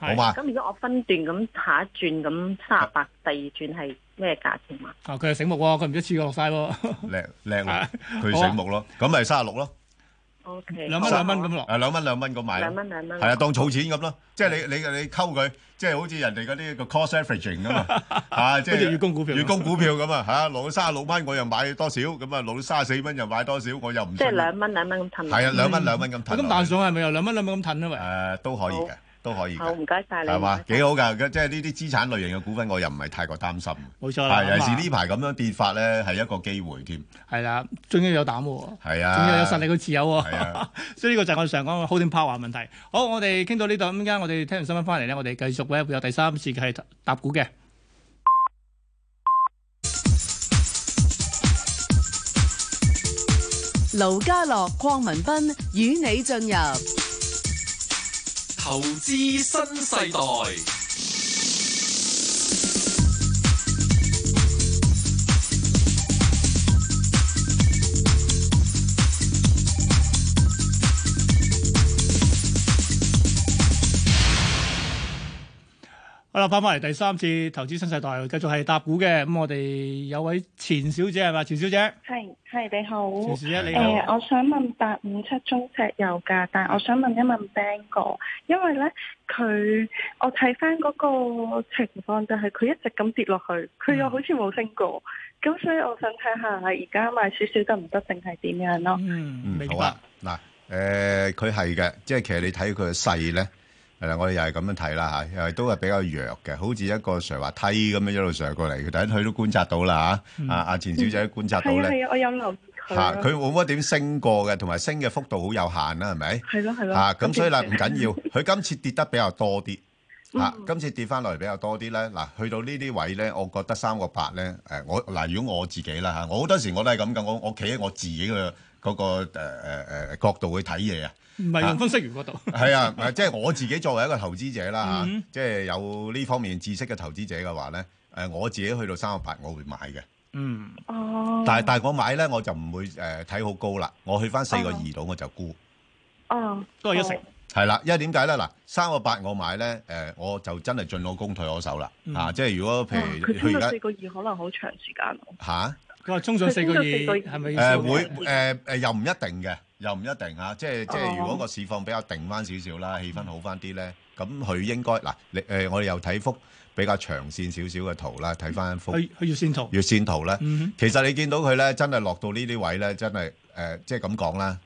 好嘛？咁如果我分段咁下一轉咁卅八，第二轉係咩價錢嘛？啊，佢係醒目喎，佢唔一次過落晒喎，靚靚啊！佢醒目咯，咁咪卅六咯。O K，兩蚊兩蚊咁咯，係兩蚊兩蚊咁買，兩蚊兩蚊係啊，當儲錢咁咯，即係你你你溝佢，即係好似人哋嗰啲個 cost averaging 啊嘛，啊，即係月供股票月供股票咁啊，吓，落咗卅六蚊我又買多少咁啊，落咗卅四蚊又買多少我又唔即係兩蚊兩蚊咁褪係啊，兩蚊兩蚊咁褪，咁彈上係咪又兩蚊兩蚊咁褪啊？咪誒，都可以嘅。都可以。好，唔該晒你。係嘛吧？幾好㗎？嗯、即係呢啲資產類型嘅股份，我又唔係太過擔心。冇錯。係是尤其是呢排咁樣跌法咧，係一個機會添。係啦、嗯，仲要有膽喎。係啊的。終於有實力嘅持有喎。啊。所以呢個就係我哋常講嘅 holding power 問題。好，我哋傾到呢度。咁依家我哋聽完新聞翻嚟咧，我哋繼續咧，會有第三次係答股嘅。劉家樂、鄺文斌與你進入投資新世代。好啦，翻翻嚟第三次投資新世代，繼續係答股嘅。咁我哋有位錢小姐係咪？錢小姐係係你好，錢小姐你好。誒、呃，我想問八五七中石油噶，但係我想問一問 Bang 哥，因為咧佢我睇翻嗰個情況，就係佢一直咁跌落去，佢又好似冇升過。咁、嗯、所以我想睇下，而家買少少得唔得，定係點樣咯？嗯，好啊。嗱、呃，誒，佢係嘅，即係其實你睇佢嘅勢咧。係啦，我哋又係咁樣睇啦嚇，又係都係比較弱嘅，好似一個斜滑梯咁樣一路上過嚟。第一佢都觀察到啦嚇，阿阿錢小姐觀察到咧，係啊，我有留意佢。嚇，佢冇乜點升過嘅，同埋升嘅幅度好有限啦，係咪？係咯係咯嚇，咁所以嗱，唔緊要。佢今次跌得比較多啲，嚇，今次跌翻落嚟比較多啲咧。嗱，去到呢啲位咧，我覺得三個八咧，誒，我嗱，如果我自己啦嚇，我好多時我都係咁嘅，我我企喺我自己嘅。嗰、那個誒誒、呃呃、角度去睇嘢啊，唔係用分析員嗰度，係啊，即係、 啊就是、我自己作為一個投資者啦嚇，即係、mm hmm. 啊就是、有呢方面知識嘅投資者嘅話咧，誒、呃、我自己去到三個八，我會買嘅。嗯、mm，哦、hmm. 但係但係我買咧，我就唔會誒睇好高啦，我去翻四個二度我就沽，哦、mm。Hmm. 都係一成。係啦、mm hmm. 啊，因為點解咧？嗱，三個八我買咧，誒、呃、我就真係進我公，退我手啦嚇、啊。即係如果譬如佢去到四個二，可能好長時間。嚇、hmm. 啊？佢話衝上四個二，係咪誒會誒誒、呃、又唔一定嘅，又唔一定嚇、啊，即係、哦、即係如果個市況比較定翻少少啦，氣氛好翻啲咧，咁佢應該嗱誒、呃，我哋又睇幅比較長線少少嘅圖啦，睇翻幅佢月、啊、線圖月線圖咧，嗯、哼其實你見到佢咧，真係落到呢啲位咧，真係誒、呃，即係咁講啦。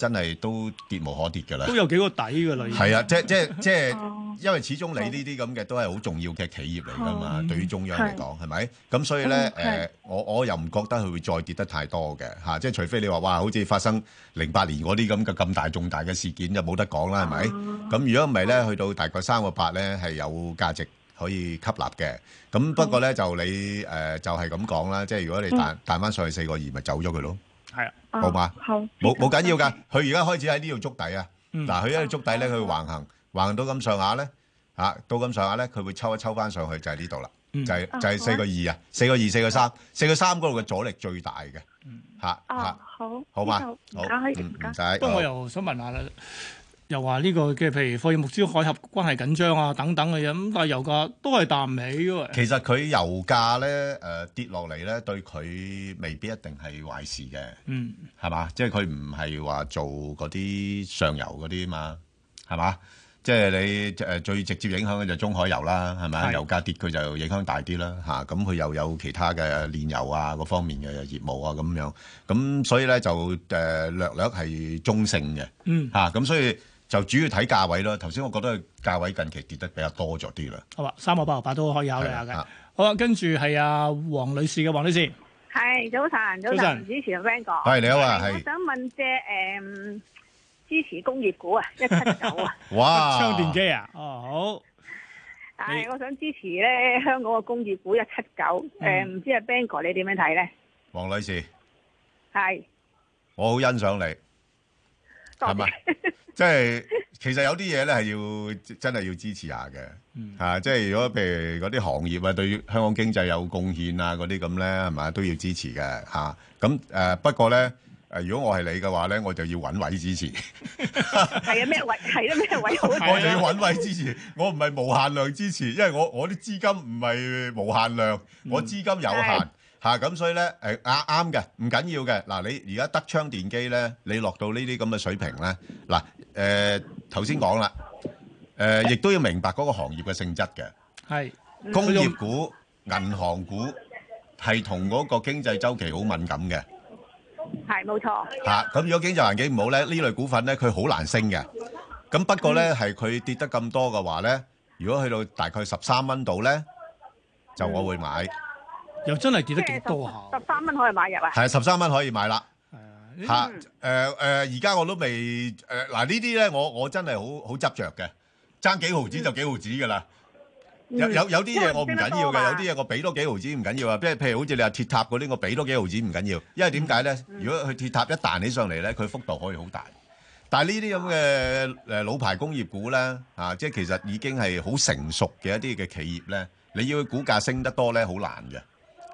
真係都跌無可跌嘅啦，都有幾個底嘅啦。係啊，即即即因為始終你呢啲咁嘅都係好重要嘅企業嚟㗎嘛，對於中央嚟講係咪？咁所以咧誒，我我又唔覺得佢會再跌得太多嘅嚇，即係除非你話哇，好似發生零八年嗰啲咁嘅咁大重大嘅事件就冇得講啦，係咪？咁如果唔係咧，去到大概三個八咧係有價值可以吸納嘅。咁不過咧就你誒就係咁講啦，即係如果你彈彈返上去四個二，咪走咗佢咯。好嘛，冇冇緊要㗎，佢而家開始喺呢度築底啊。嗱，佢一度築底咧，佢橫行，橫行到咁上下咧，嚇，到咁上下咧，佢會抽一抽翻上去就係呢度啦，就係就係四個二啊，四個二，四個三，四個三嗰度嘅阻力最大嘅，嚇嚇，好，好嘛，好，唔使，唔使，不過我又想問下啦。又話呢、這個嘅，譬如霍爾木茲海峽關係緊張啊，等等嘅嘢，咁但係油價都係彈唔起嘅。其實佢油價咧，誒、呃、跌落嚟咧，對佢未必一定係壞事嘅。嗯，係嘛？即係佢唔係話做嗰啲上游嗰啲嘛，係嘛？即係你誒最直接影響嘅就中海油啦，係咪？是油價跌佢就影響大啲啦。嚇、啊，咁佢又有其他嘅煉油啊各方面嘅業務啊咁樣，咁、啊、所以咧就誒略略係中性嘅。嗯，嚇、啊，咁所以。就主要睇價位咯，頭先我覺得價位近期跌得比較多咗啲啦。好啊，三百八十八個都可以考慮下嘅。的好啊，跟住係阿黃女士嘅黃女士，係早晨，早晨，早早安主持 Bang 哥係你好啊，係。我想問借誒、嗯、支持工業股啊，一七九啊。哇！昌電機啊，哦、啊、好。但係，我想支持咧香港嘅工業股一七九。誒唔你、嗯、知阿 Bang 哥你點樣睇咧？黃女士，係是。我好欣賞你。係咪多？ 即係其實有啲嘢咧係要真係要支持下嘅，啊，即係如果譬如嗰啲行業啊，對於香港經濟有貢獻啊，嗰啲咁咧，係咪都要支持嘅，吓、啊，咁、啊、誒，不過咧誒，如果我係你嘅話咧，我就要搵位支持。係啊，咩位？係啊，咩位？好，我就要搵位支持，我唔係無限量支持，因為我我啲資金唔係無限量，嗯、我資金有限。嚇，咁所以咧，誒，啱啱嘅唔緊要嘅。嗱，你而家德昌電機咧，你落到呢啲咁嘅水平咧，嗱，誒頭先講啦，誒亦都要明白嗰個行業嘅性質嘅，係工業股、銀行股，係同嗰個經濟週期好敏感嘅，係冇錯。嚇，咁如果經濟環境唔好咧，呢類股份咧，佢好難升嘅。咁不過咧，係佢跌得咁多嘅話咧，如果去到大概十三蚊度咧，就我會買。又真係跌得幾多下？十三蚊可以買入啊！係啊，十三蚊可以買啦。係啊，嚇誒誒，而家我都未誒嗱呢啲咧，我我真係好好執著嘅，爭幾毫子就幾毫子㗎啦。有有有啲嘢我唔緊要嘅，有啲嘢我俾多幾毫子唔緊要啊。即係譬如好似你話鐵塔嗰啲，我俾多幾毫子唔緊要，因為點解咧？如果佢鐵塔一彈起上嚟咧，佢幅度可以好大。但係呢啲咁嘅誒老牌工業股咧，啊，即係其實已經係好成熟嘅一啲嘅企業咧，你要佢股價升得多咧，好難嘅。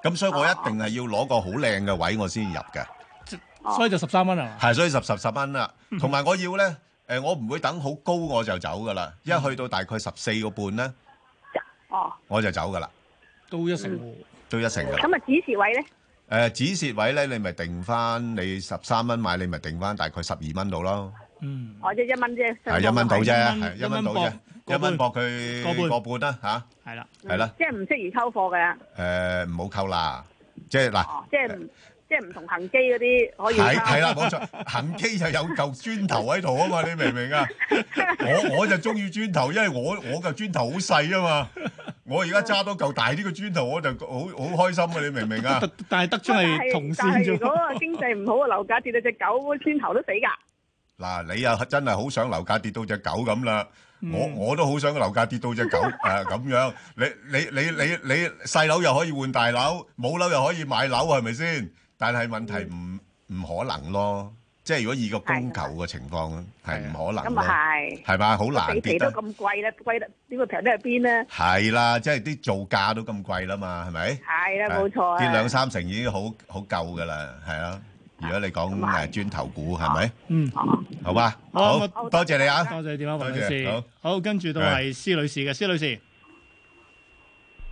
咁所以我一定係要攞個好靚嘅位我先入嘅，所以就十三蚊啦，係所以十十十蚊啦。同埋我要咧，誒我唔會等好高我就走噶啦，一去到大概十四個半咧，哦，我就走噶啦，都一成，都一成噶啦。咁啊指示位咧？誒指示位咧，你咪定翻你十三蚊買，你咪定翻大概十二蚊度咯。嗯，哦即一蚊啫，係一蚊到啫，一蚊到啫。一蚊搏佢個半啦嚇，係啦，係啦，即係唔適宜溝貨嘅。誒，唔好溝啦，即係嗱，即係即係唔同恆基嗰啲可以。係係啦，冇錯，恆基就有嚿磚頭喺度啊嘛，你明唔明啊？我我就中意磚頭，因為我我嚿磚頭好細啊嘛。我而家揸多嚿大啲嘅磚頭，我就好好開心啊！你明唔明啊？但係得出係同線啫。但係如果經濟唔好啊，樓價跌到隻狗磚頭都死㗎。嗱，你又真係好想樓價跌到隻狗咁啦？我我都好想樓價跌到隻狗誒咁、 啊、樣，你你你你你細樓又可以換大樓，冇樓又可以買樓係咪先？但係問題唔唔可能咯，即係如果以個供求嘅情況，係唔的可能咯，係嘛，好難跌得。地皮都咁貴啦，貴得呢個平得去邊呢？係啦，即係啲造價都咁貴啦嘛，係咪？係啦，冇錯、啊。跌兩三成已經好好夠㗎啦，係啊。如果你講誒磚頭股，係咪？嗯，好嘛，好多謝你啊，多謝電話黃女士，好，跟住到係施女士嘅，施女士，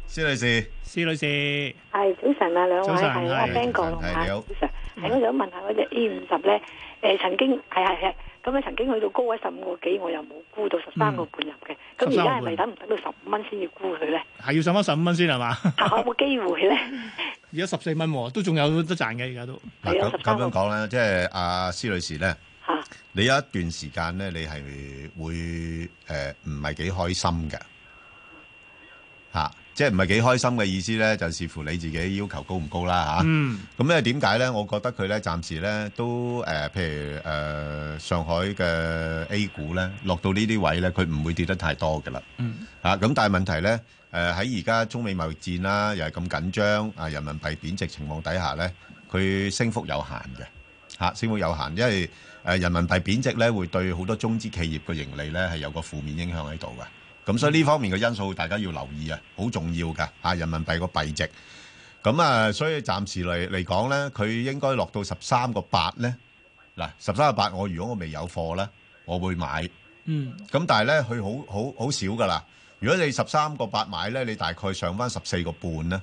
施女士，施女士，係早晨啊，兩位係阿 Ben 哥你好，係早晨，係我想問下嗰隻 A 五十咧，誒，曾經係係係。咁你曾經去到高位十五個幾，我又冇沽到十三個半入嘅。咁而家係咪等唔等到十五蚊先要沽佢咧？係要上返十五蚊先係嘛？下下有冇機會咧？而家十四蚊，都仲有得賺嘅。而家都係啊，咁咁樣講咧，即係阿施女士咧，啊、你有一段時間咧，你係會誒唔係幾開心嘅嚇。啊即係唔係幾開心嘅意思呢？就是、視乎你自己要求高唔高啦嚇。咁咧點解呢？我覺得佢咧暫時咧都誒、呃，譬如誒、呃、上海嘅 A 股咧落到呢啲位呢佢唔會跌得太多嘅啦。嚇、啊、咁但係問題呢，誒喺而家中美貿易戰啦、啊，又係咁緊張啊，人民幣貶值情況底下呢，佢升幅有限嘅嚇、啊，升幅有限，因為誒、呃、人民幣貶值呢，會對好多中資企業嘅盈利呢，係有個負面影響喺度嘅。咁、嗯、所以呢方面嘅因素，大家要留意啊，好重要噶嚇、啊，人民幣個幣值。咁啊，所以暫時嚟嚟講咧，佢應該落到十三個八咧。嗱，十三個八，我如果我未有貨咧，我會買。嗯。咁但係咧，佢好好好少噶啦。如果你十三個八買咧，你大概上翻十四個半咧，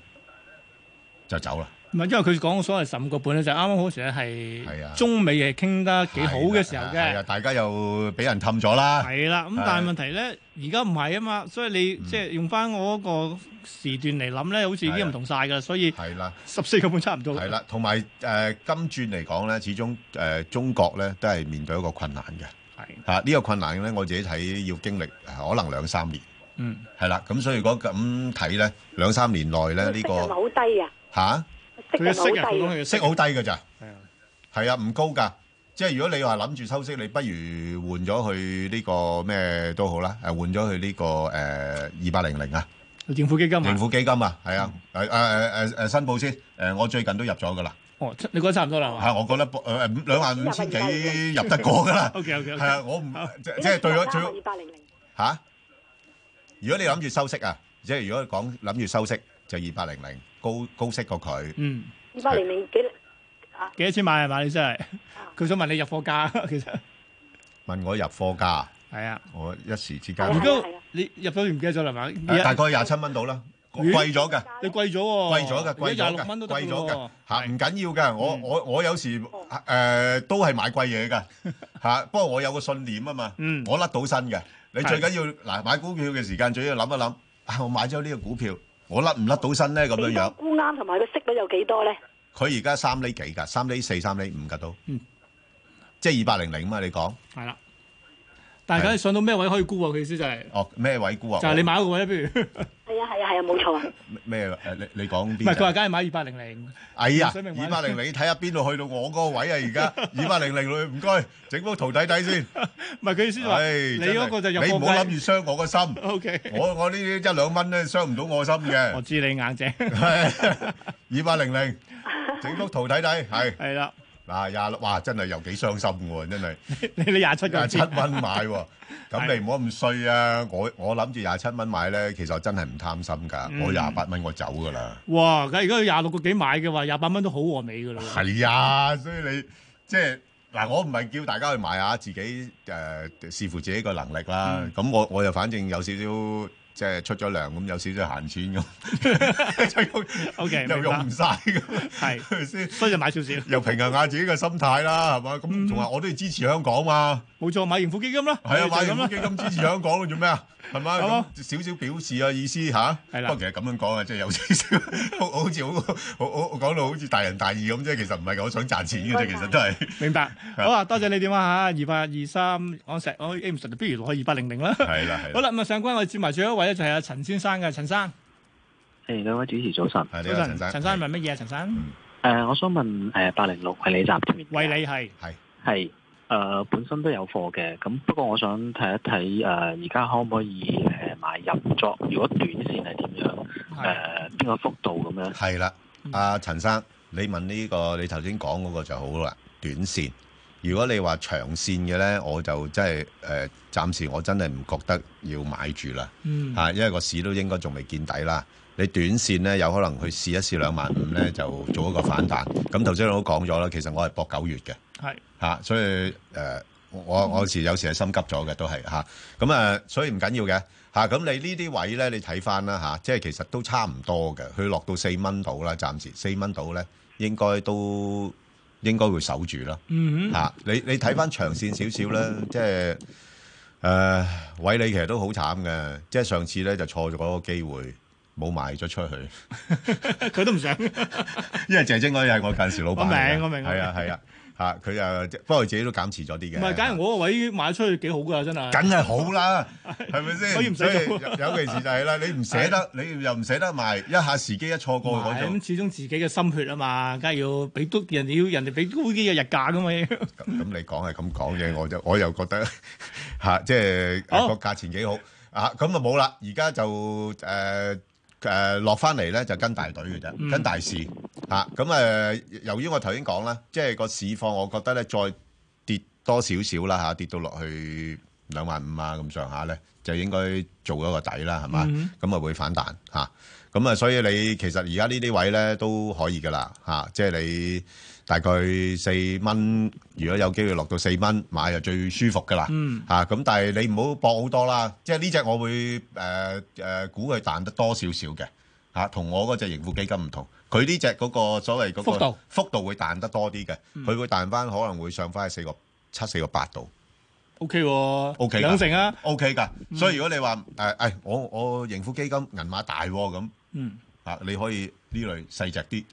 就走啦。唔係，因為佢講所謂十五個半咧，就啱啱好時咧係中美係傾得幾好嘅時候嘅。係啊，啊、大家又俾人氹咗啦是、啊。係啦，咁但係問題咧，而家唔係啊嘛，所以你即係、嗯、用翻我嗰個時段嚟諗咧，好似已經唔同晒噶啦，是啊、所以係啦，十四個半差唔多係啦是、啊。同埋誒金轉嚟講咧，呃、始終誒中國咧都係面對一個困難嘅係是啊，啊。呢、呢個困難咧，我自己睇要經歷可能兩三年嗯係啦。咁所以如果咁睇咧，兩三年內咧、呢、呢個好低啊嚇？啊佢息啊，息好低噶咋，係啊，係啊，唔高噶。即係如果你話諗住收息，你不如換咗去呢個咩都好啦，誒換咗去呢個誒二八零零啊。政府基金啊。政府基金啊，係啊，誒誒誒誒誒，申報先。誒，我最近都入咗噶啦。哦，你覺得差唔多啦。係，我覺得兩萬五千幾入得過噶啦。O K O K。係啊，我唔即係對咗最二八零零。嚇？如果你諗住收息啊，即係如果講諗住收息，就二八零零。高高息過佢。嗯，呢百年零幾，啊幾多錢買係嘛？你真係佢想問你入貨價，其實問我入貨價啊？係啊，我一時之間。如果你入咗，唔記得咗係咪？大概廿七蚊到啦，貴咗嘅，你貴咗喎，貴咗嘅，貴咗嘅，貴咗嘅，嚇，唔緊要嘅。我我我有時誒都係買貴嘢㗎嚇。不過我有個信念啊嘛，我甩到身嘅。你最緊要嗱，買股票嘅時間，最要諗一諗，我買咗呢個股票。我甩唔甩到身咧？咁樣樣，估啱同埋個息率有幾多咧？佢而家三厘幾㗎？三厘四、三厘五㗎都，嗯、即係二百零零嘛？你講係啦。 大家上到咩位可以沽啊？佢意思就係哦，咩位沽啊？就係你買嗰個位，譬如係啊，係啊，係啊，冇錯。咩誒？你你講邊？唔係佢話梗係買二八零零。哎呀，二八零零你睇下邊度去到我嗰個位啊！而家二八零零，唔該，整幅圖睇睇先。唔係佢意思話，你嗰個就入冇計。你唔好諗住傷我個心。O K，我我呢啲一兩蚊咧傷唔到我心嘅。我知你硬正。係二八零零，整幅圖睇睇，係係啦。嗱廿六哇，真係又幾傷心喎、啊！真係你你廿七，廿七蚊買喎、啊，咁 你唔好咁衰啊！我我諗住廿七蚊買咧，其實我真係唔貪心㗎，嗯、我廿八蚊我走㗎啦。哇！咁如果佢廿六個幾買嘅話，廿八蚊都好和美㗎啦。係啊，所以你即係嗱，我唔係叫大家去買下、啊、自己誒、呃、視乎自己個能力啦。咁、嗯、我我又反正有少少。即係出咗糧咁，有少少閒錢咁，又用唔晒，係咪先？所以買少少，又平衡下自己嘅心態啦，係嘛？咁仲話我都要支持香港嘛？冇錯，買盈富基金啦，係啊，買盈富基金支持香港嘅做咩啊？係嘛？少少表示啊意思吓，不過其實咁樣講啊，即係有少少，好好似好好講到好似大仁大義咁啫。其實唔係我想賺錢嘅啫，其實都係明白。好啊，多謝你電話吓，二八二三，我石我 M 石就不如落去二八零零啦。係啦，係。好啦，咁啊上君我哋接埋最後一位。或者就係阿陳先生嘅陳生，誒、hey，兩位主持早晨，早晨，你好陳生生，生是問乜嘢啊？陳生，誒、嗯 uh，我想問誒八零六係你集團，喂，你係是，係，係、呃，誒本身都有貨嘅，咁不過我想睇一睇誒而家可唔可以誒買、呃、入作？如果短線係點樣？誒邊是、呃、個幅度咁樣？係啦，阿、啊、陳生，你問呢、這個你頭先講嗰個就好啦，短線。如果你話長線嘅呢，我就真係誒，呃、暫時我真係唔覺得要買住啦嚇、嗯啊，因為個市都應該仲未見底啦。你短線呢，有可能去試一試兩萬五呢，就做一個反彈。咁頭先我都講咗啦，其實我係博九月嘅，係嚇是、啊，所以誒、呃，我我，我有時有時係心急咗嘅，都係嚇。咁、啊、誒、啊，所以唔緊要嘅嚇。咁、啊、你呢啲位呢，你睇翻啦嚇，即係其實都差唔多嘅。佢落到四蚊到啦，暫時四蚊到呢應該都。應該會守住啦，嚇、嗯哼啊！你你睇翻長線少少啦，即係誒偉你其實都好慘嘅，即、就、係、是、上次咧就錯咗個機會，冇賣咗出去，佢 都唔想， 因為鄭晶嗰啲係我近時老闆我，我明、啊啊、我明，係啊係啊。吓佢又，包佢自己都減持咗啲嘅。唔係 tai，假如我個位買出去幾好噶，真係。梗係好啦、啊，係咪先？ 所以唔使做 有。尤其是就係啦，你唔捨得， 你又唔捨得賣，一下時機一錯過咁， 始終自己嘅心血啊嘛，梗係要俾都人要人哋俾高啲嘅日價噶嘛。咁 你講係咁講嘅，我就我又覺得嚇，即係個價錢幾好啊。咁啊冇啦，而家就誒。呃誒落翻嚟咧就跟大隊嘅啫，嗯、跟大市嚇。咁、啊、誒、呃，由於我頭先講啦，即係個市況，我覺得咧再跌多少少啦嚇，跌到落去兩萬五啊咁上下咧，就應該做一個底啦，係嘛？咁啊、嗯、會反彈嚇。咁啊，所以你其實而家呢啲位咧都可以噶啦嚇，即係你。大概四蚊，如果有機會落到四蚊買就最舒服噶啦。嚇咁、嗯啊，但係你唔好搏好多啦。即係呢隻我會誒誒、呃呃、估佢彈得多少少嘅嚇，同、啊、我嗰隻盈富基金唔同，佢呢隻嗰個所謂嗰、嗰個幅度，幅度會彈得多啲嘅，佢、嗯、會彈翻可能會上翻去四個七、四個八度。O K 喎，O K 兩成啊，O K 㗎。所以如果你話誒誒，我我，我，我盈富基金銀碼大喎咁，嗯啊，你可以呢類細隻啲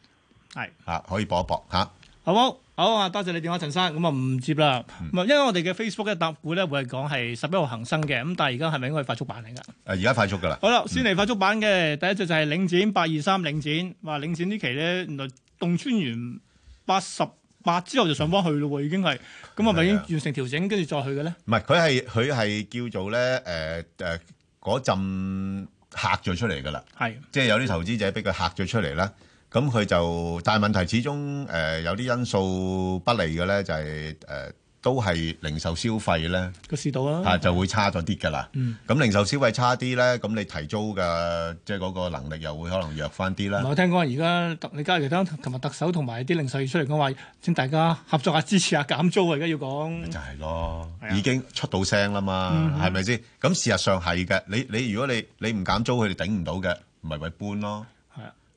係嚇，可以搏一搏。嚇。好，好啊！多謝你電話，陳生，咁啊唔接啦。嗯、因為我哋嘅 Facebook 嘅答股咧，會係講係十一號恒生嘅。咁但係而家係咪應該係快速版嚟噶？誒，而家快速噶啦。好啦，先嚟快速版嘅、嗯、第一隻就係領展八二三領展，話領展，領展呢期咧，原來洞穿完八十八之後就上翻去咯喎，嗯、已經係咁啊，咪已經完成調整，跟住的再去嘅咧？唔係，佢係佢係叫做咧，誒、呃、誒，嗰陣嚇咗出嚟噶啦，係的，即係有啲投資者俾佢嚇咗出嚟啦。咁佢就，但係問題始終誒、呃、有啲因素不利嘅咧，就係、是、誒、呃、都係零售消費咧個市道啦、啊啊，就會差咗啲噶啦。咁、嗯、零售消費差啲咧，咁你提租嘅即係嗰個能力又會可能弱翻啲啦。我聽講而家特你家傑生同埋特首同埋啲零售業出嚟講話，請大家合作下支持下減租啊！而家要講就係咯，啊、已經出到聲啦嘛，係咪先？咁事實上係嘅，你你如果你你唔減租，佢哋頂唔到嘅，唔係咪搬咯？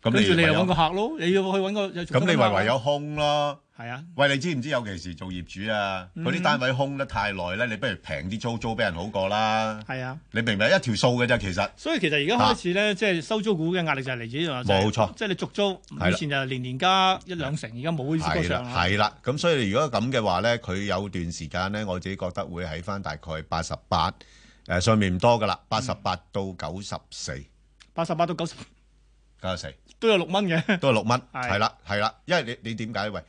跟住你又揾個客咯，你要去揾個，咁你咪唯有空咯。係啊，喂，你知唔知尤其係做業主啊？嗰啲單位空得太耐咧，你不如平啲租租俾人好過啦。係啊，你明唔明一條數嘅啫，其實。所以其實而家開始咧，即係收租股嘅壓力就係嚟自呢度，冇錯。即係你續租，以前就年年加一兩成，而家冇呢啲意思啦。係啦，咁所以如果咁嘅話咧，佢有段時間咧，我自己覺得會喺翻大概八十八誒上面唔多噶啦，八十八到九十四。八十八到九十，九十四。都有六蚊嘅，都係六蚊，係啦 的，係啦，因為你你點解？喂，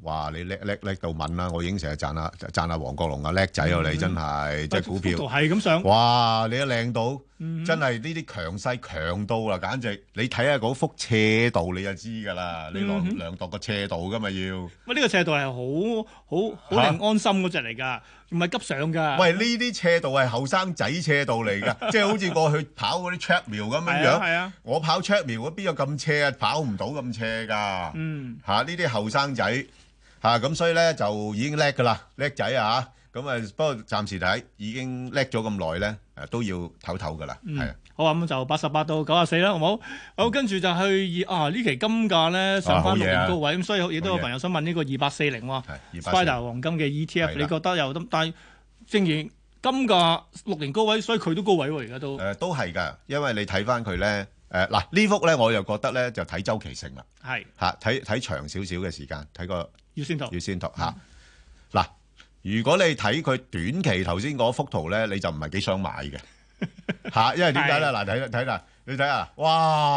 哇！你叻叻叻到敏啦，我已經成日讚下讚下黃國龍啊，叻仔啊。你真係，即係股票係咁上，哇！你一靚到，真係呢啲強勢強到啦，嗯嗯簡直你睇下嗰幅斜度，你就知噶啦，嗯嗯你兩兩度，斜度、嗯、個斜度噶嘛要。喂，呢個斜度係好好好令 安心嗰隻嚟噶。唔係急上㗎。喂，呢啲斜度係後生仔斜度嚟㗎， 即係好似過去跑嗰啲 treadmill 咁樣樣。係啊，係啊。我跑 treadmill，我邊有咁斜，斜、嗯、啊？跑唔到咁斜㗎。嗯、啊。嚇，呢啲後生仔嚇咁，所以咧就已經叻㗎啦，叻仔啊。咁、嗯嗯嗯、啊，不過暫時睇已經叻咗咁耐咧，誒都要唞唞噶啦，係。好，咁就八十八到九十四啦，好唔好？好，跟住就去啊！呢期金價咧上翻六年高位，咁、啊、所以亦都有朋友想問呢個二八四零喎，Spider 黃金嘅 ETF，的你覺得有得帶？正如金價六年高位，所以佢都高位喎，而家都。誒、呃，都係㗎，因為你睇翻佢咧，誒，嗱呢幅咧，我又覺得咧就睇周期性啦，係嚇，睇睇長少少嘅時間，睇個月線圖，月線圖嚇嗱。嗯啊如果你睇佢短期頭先嗰幅圖咧，你就唔係幾想買嘅嚇，因為點解咧？嗱，睇睇啦，你睇啊，哇，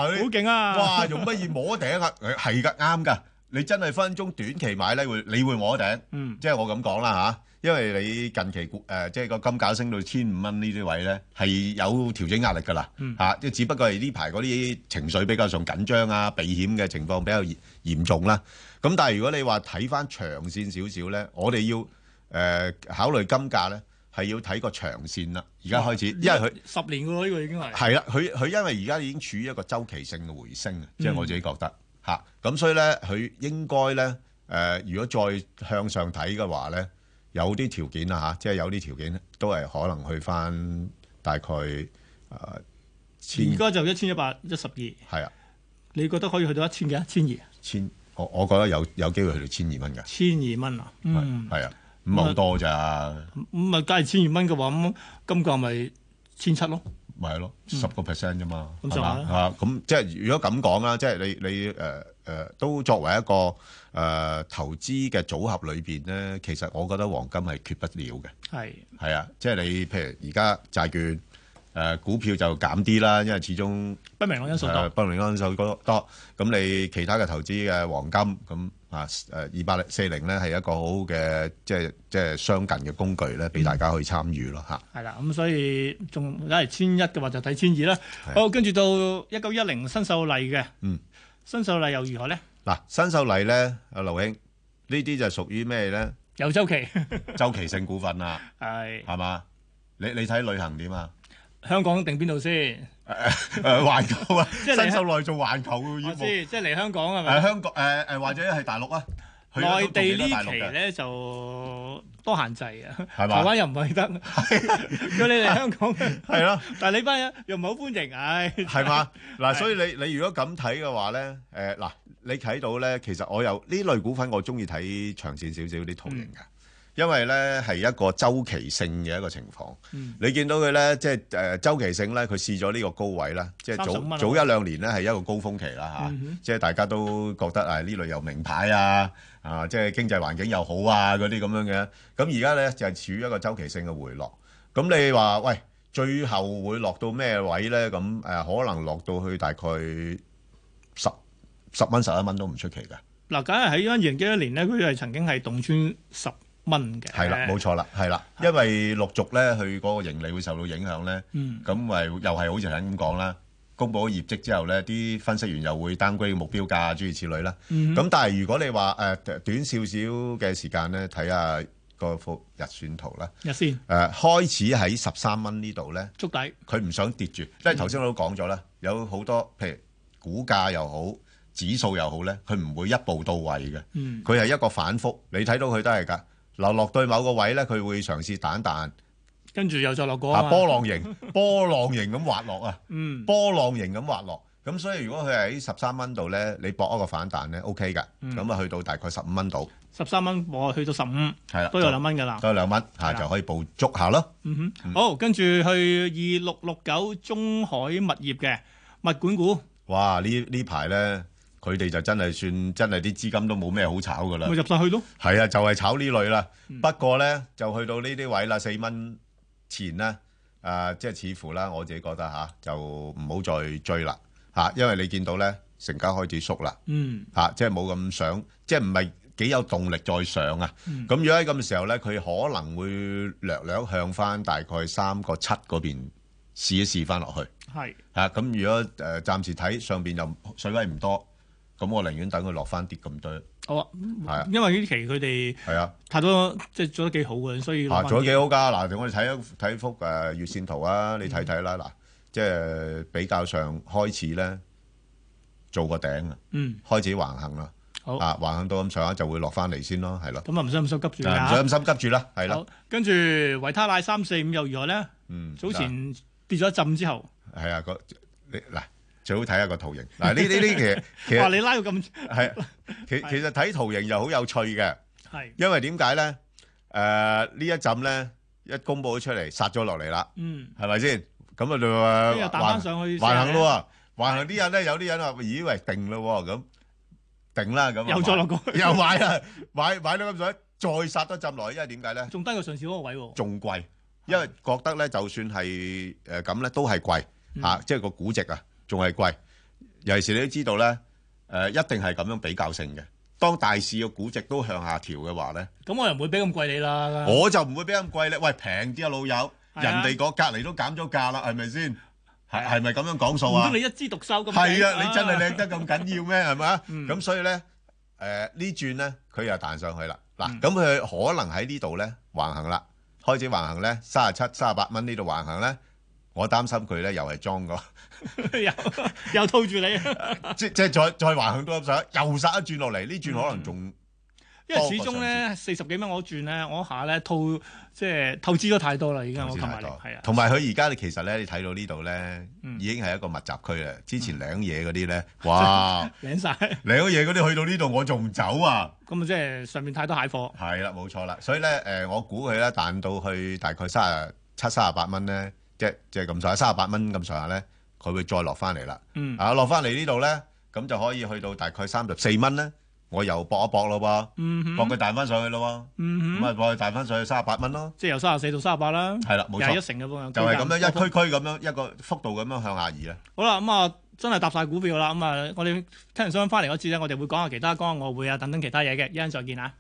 好勁啊！哇，用乜嘢摸頂啊？係㗎，啱㗎。你真係分分鐘短期買咧，會你會摸頂，嗯，即係我咁講啦嚇，因為你近期股誒，即係個金價升到千五蚊呢啲位咧，係有調整壓力㗎啦嚇。即係只不過係呢排嗰啲情緒比較上緊張啊，避險嘅情況比較嚴重啦。咁但係如果你話睇翻長線少少咧，我哋要。誒、呃，考慮金價咧，係要睇個長線啦。而家開始，因為佢十年個咯，呢、這個已經係係啦。佢佢因為而家已經處於一個周期性嘅回升啊，即係、嗯、我自己覺得吓。咁、啊、所以咧，佢應該咧，誒、呃、如果再向上睇嘅話咧，有啲條件啦吓、啊，即係有啲條,、啊、條件都係可能去翻大概誒。而、呃、家就一千一百一十二，係啊。你覺得可以去到一千幾一千二？千，我我覺得有有機會去到千二蚊嘅，千二蚊啊，嗯，係啊。五咪好多咋？五咪、嗯、加二千二蚊嘅話，咁金價咪千七咯？咪係咯，十個 percent 啫嘛，咁嘛、嗯？啊吧，咁、嗯、即係如果咁講啦，即係你你誒誒、呃呃、都作為一個誒、呃、投資嘅組合裏邊咧，其實我覺得黃金係缺不了嘅。係係啊，即係你譬如而家債券，誒股票就減啲啦，因為始終不明朗因素多，不明朗因素多多。咁你其他嘅投資嘅黃金咁啊誒二八四零咧係一個好嘅即係即係相近嘅工具咧，俾大家去參與咯嚇。係啦，咁所以仲而家係千一嘅話就睇千二啦。好，跟住到一九一零新秀麗嘅，嗯，新秀麗又如何咧？嗱，新秀麗咧，阿劉慶呢啲就係屬於咩咧？有週期週期性股份啊，係係嘛？你你睇旅行點啊？香港定邊度先？誒誒誒，環球啊，新手內做環球嘅業務。我、 哦、知，即係嚟香港係咪、哎？香港誒誒、呃，或者係大陸啊？去陸內地期呢期咧就多限制啊，吧台灣又唔係得。叫你嚟香港嘅係咯， 吧但係你班人又唔係好歡迎，唉。係嘛？嗱，所以你你如果咁睇嘅話咧，誒、呃、嗱，你睇到咧，其實我有呢類股份，我中意睇長線少少啲圖形㗎。嗯因為咧係一個週期性嘅一個情況，你見到佢咧，即係誒週期性咧，佢試咗呢個高位啦，即係早早一兩年咧係一個高峯期啦嚇，即係大家都覺得啊呢類又名牌啊，啊即係經濟環境又好啊嗰啲咁樣嘅，咁而家咧就係處於一個週期性嘅回落。咁你話喂，最後會落到咩位咧？咁誒可能落到去大概十十蚊十一蚊都唔出奇㗎。嗱，梗係喺二零幾多年咧，佢係曾經係洞穿十。蚊嘅係啦，冇錯啦，係啦，因為陸續咧，佢嗰個盈利會受到影響咧。嗯，咁咪又係好似頭先咁講啦。公佈咗業績之後咧，啲分析員又會 downgrade 目標價諸如此類啦。嗯，咁但係如果你話誒、呃、短少少嘅時間咧，睇下個幅日線圖啦。日線誒開始喺十三蚊呢度咧，觸底。佢唔想跌住，即係頭先我都講咗啦，嗯、有好多譬如股價又好，指數又好咧，佢唔會一步到位嘅。佢係、嗯、一個反覆，你睇到佢都係㗎。流落對某個位咧，佢會嘗試彈彈，跟住又再落個啊波浪形，波浪形咁滑落啊，嗯，波浪形咁滑落，咁所以如果佢喺十三蚊度咧，你搏一個反彈咧，O K 噶，咁啊去到大概十五蚊度，十三蚊我去到十五，係啦，都有兩蚊噶啦，都有兩蚊嚇就可以捕捉下咯。嗯哼，好，跟住去二六六九中海物業嘅物管股，哇！呢呢排咧～佢哋就真係算真係啲資金都冇咩好炒㗎啦，咪入曬去咯？係啊，就係炒呢類啦。不過咧，就去到呢啲位啦，四蚊前咧，誒即係似乎啦，我自己覺得嚇就唔好再追啦嚇，因為你見到咧，成交開始縮啦，嗯嚇，即係冇咁上，即係唔係幾有動力再上啊？咁如果喺咁嘅時候咧，佢可能會略略向翻大概三個七嗰邊試一試翻落去係嚇。咁如果誒暫時睇上邊又水位唔多。咁我寧願等佢落翻跌咁多。好啊，係啊，因為呢期佢哋係啊太多，即係做得幾好嘅，所以做得幾好㗎。嗱，我哋睇一睇幅誒月線圖啊，你睇睇啦。嗱，即係比較上開始咧，做個頂啊，開始橫行啦。啊，橫行到咁上下就會落翻嚟先咯，係咯。咁啊，唔使咁心急住啊，唔使咁心急住啦，係啦。跟住維他奶三四五又如何咧？嗯，早前跌咗一浸之後，係啊，嗱。最好睇下個圖形嗱，呢呢呢其實，哇！你拉到咁係，其其實睇圖形又好有趣嘅，係，因為點解咧？誒呢一陣咧一公佈咗出嚟，殺咗落嚟啦，嗯，係咪先？咁啊就又打翻上去，橫行咯喎，橫行啲人咧，有啲人話：咦，喂，定咯喎，咁定啦咁，又再落過去，又買啦，買買到咁滯，再殺多浸落去，因為點解咧？仲低過上次嗰個位喎，仲貴，因為覺得咧，就算係誒咁咧，都係貴嚇，即係個估值啊。仲係貴，尤其是你都知道咧，誒一定係咁樣比較性嘅。當大市嘅估值都向下調嘅話咧，咁我又唔會俾咁貴你啦。我就唔會俾咁貴你。喂，平啲啊，老友，人哋個隔離都減咗價啦，係咪先？係係咪咁樣講數啊？如果你一枝獨秀咁平，係啊，你真係靚得咁緊要咩？係咪？咁所以咧，誒呢轉咧，佢又彈上去啦。嗱，咁佢可能喺呢度咧橫行啦，開始橫行咧，三十七、三十八蚊呢度橫行咧。我擔心佢咧，又係裝㗎， 又又套住你。 即即再再橫向多一隻，又殺一轉落嚟，呢轉、嗯、可能仲因為始終咧四十幾蚊我轉咧，我下咧套即係透支咗太多啦，已經我吸埋嚟，啊。同埋佢而家其實咧，你睇到呢度咧，已經係一個密集區啦。之前領嘢嗰啲咧，嗯、哇，領晒，領嘢嗰啲去到呢度，我仲唔走啊？咁啊，即係上面太多蟹貨。係啦、啊，冇錯啦。所以咧，誒、呃呃，我估佢咧彈到去大概三十七、三十八蚊咧。即即係咁上下三十八蚊咁上下咧，佢會再落翻嚟啦。啊、嗯，落翻嚟呢度咧，咁就可以去到大概三十四蚊咧。我又博一博咯噃，幫佢彈翻上去咯。咁啊、嗯哼，幫佢彈翻上去三十八蚊咯。即係由三十四到三十八啦。係啦，冇一成嘅就係咁樣，樣不一區區咁樣一個幅度咁樣向下移咧。好啦，咁、嗯、啊，真係搭晒股票啦。咁、嗯、啊，我哋聽完新聞翻嚟嗰次咧，我哋會講下其他外匯啊等等其他嘢嘅。一陣再見啊！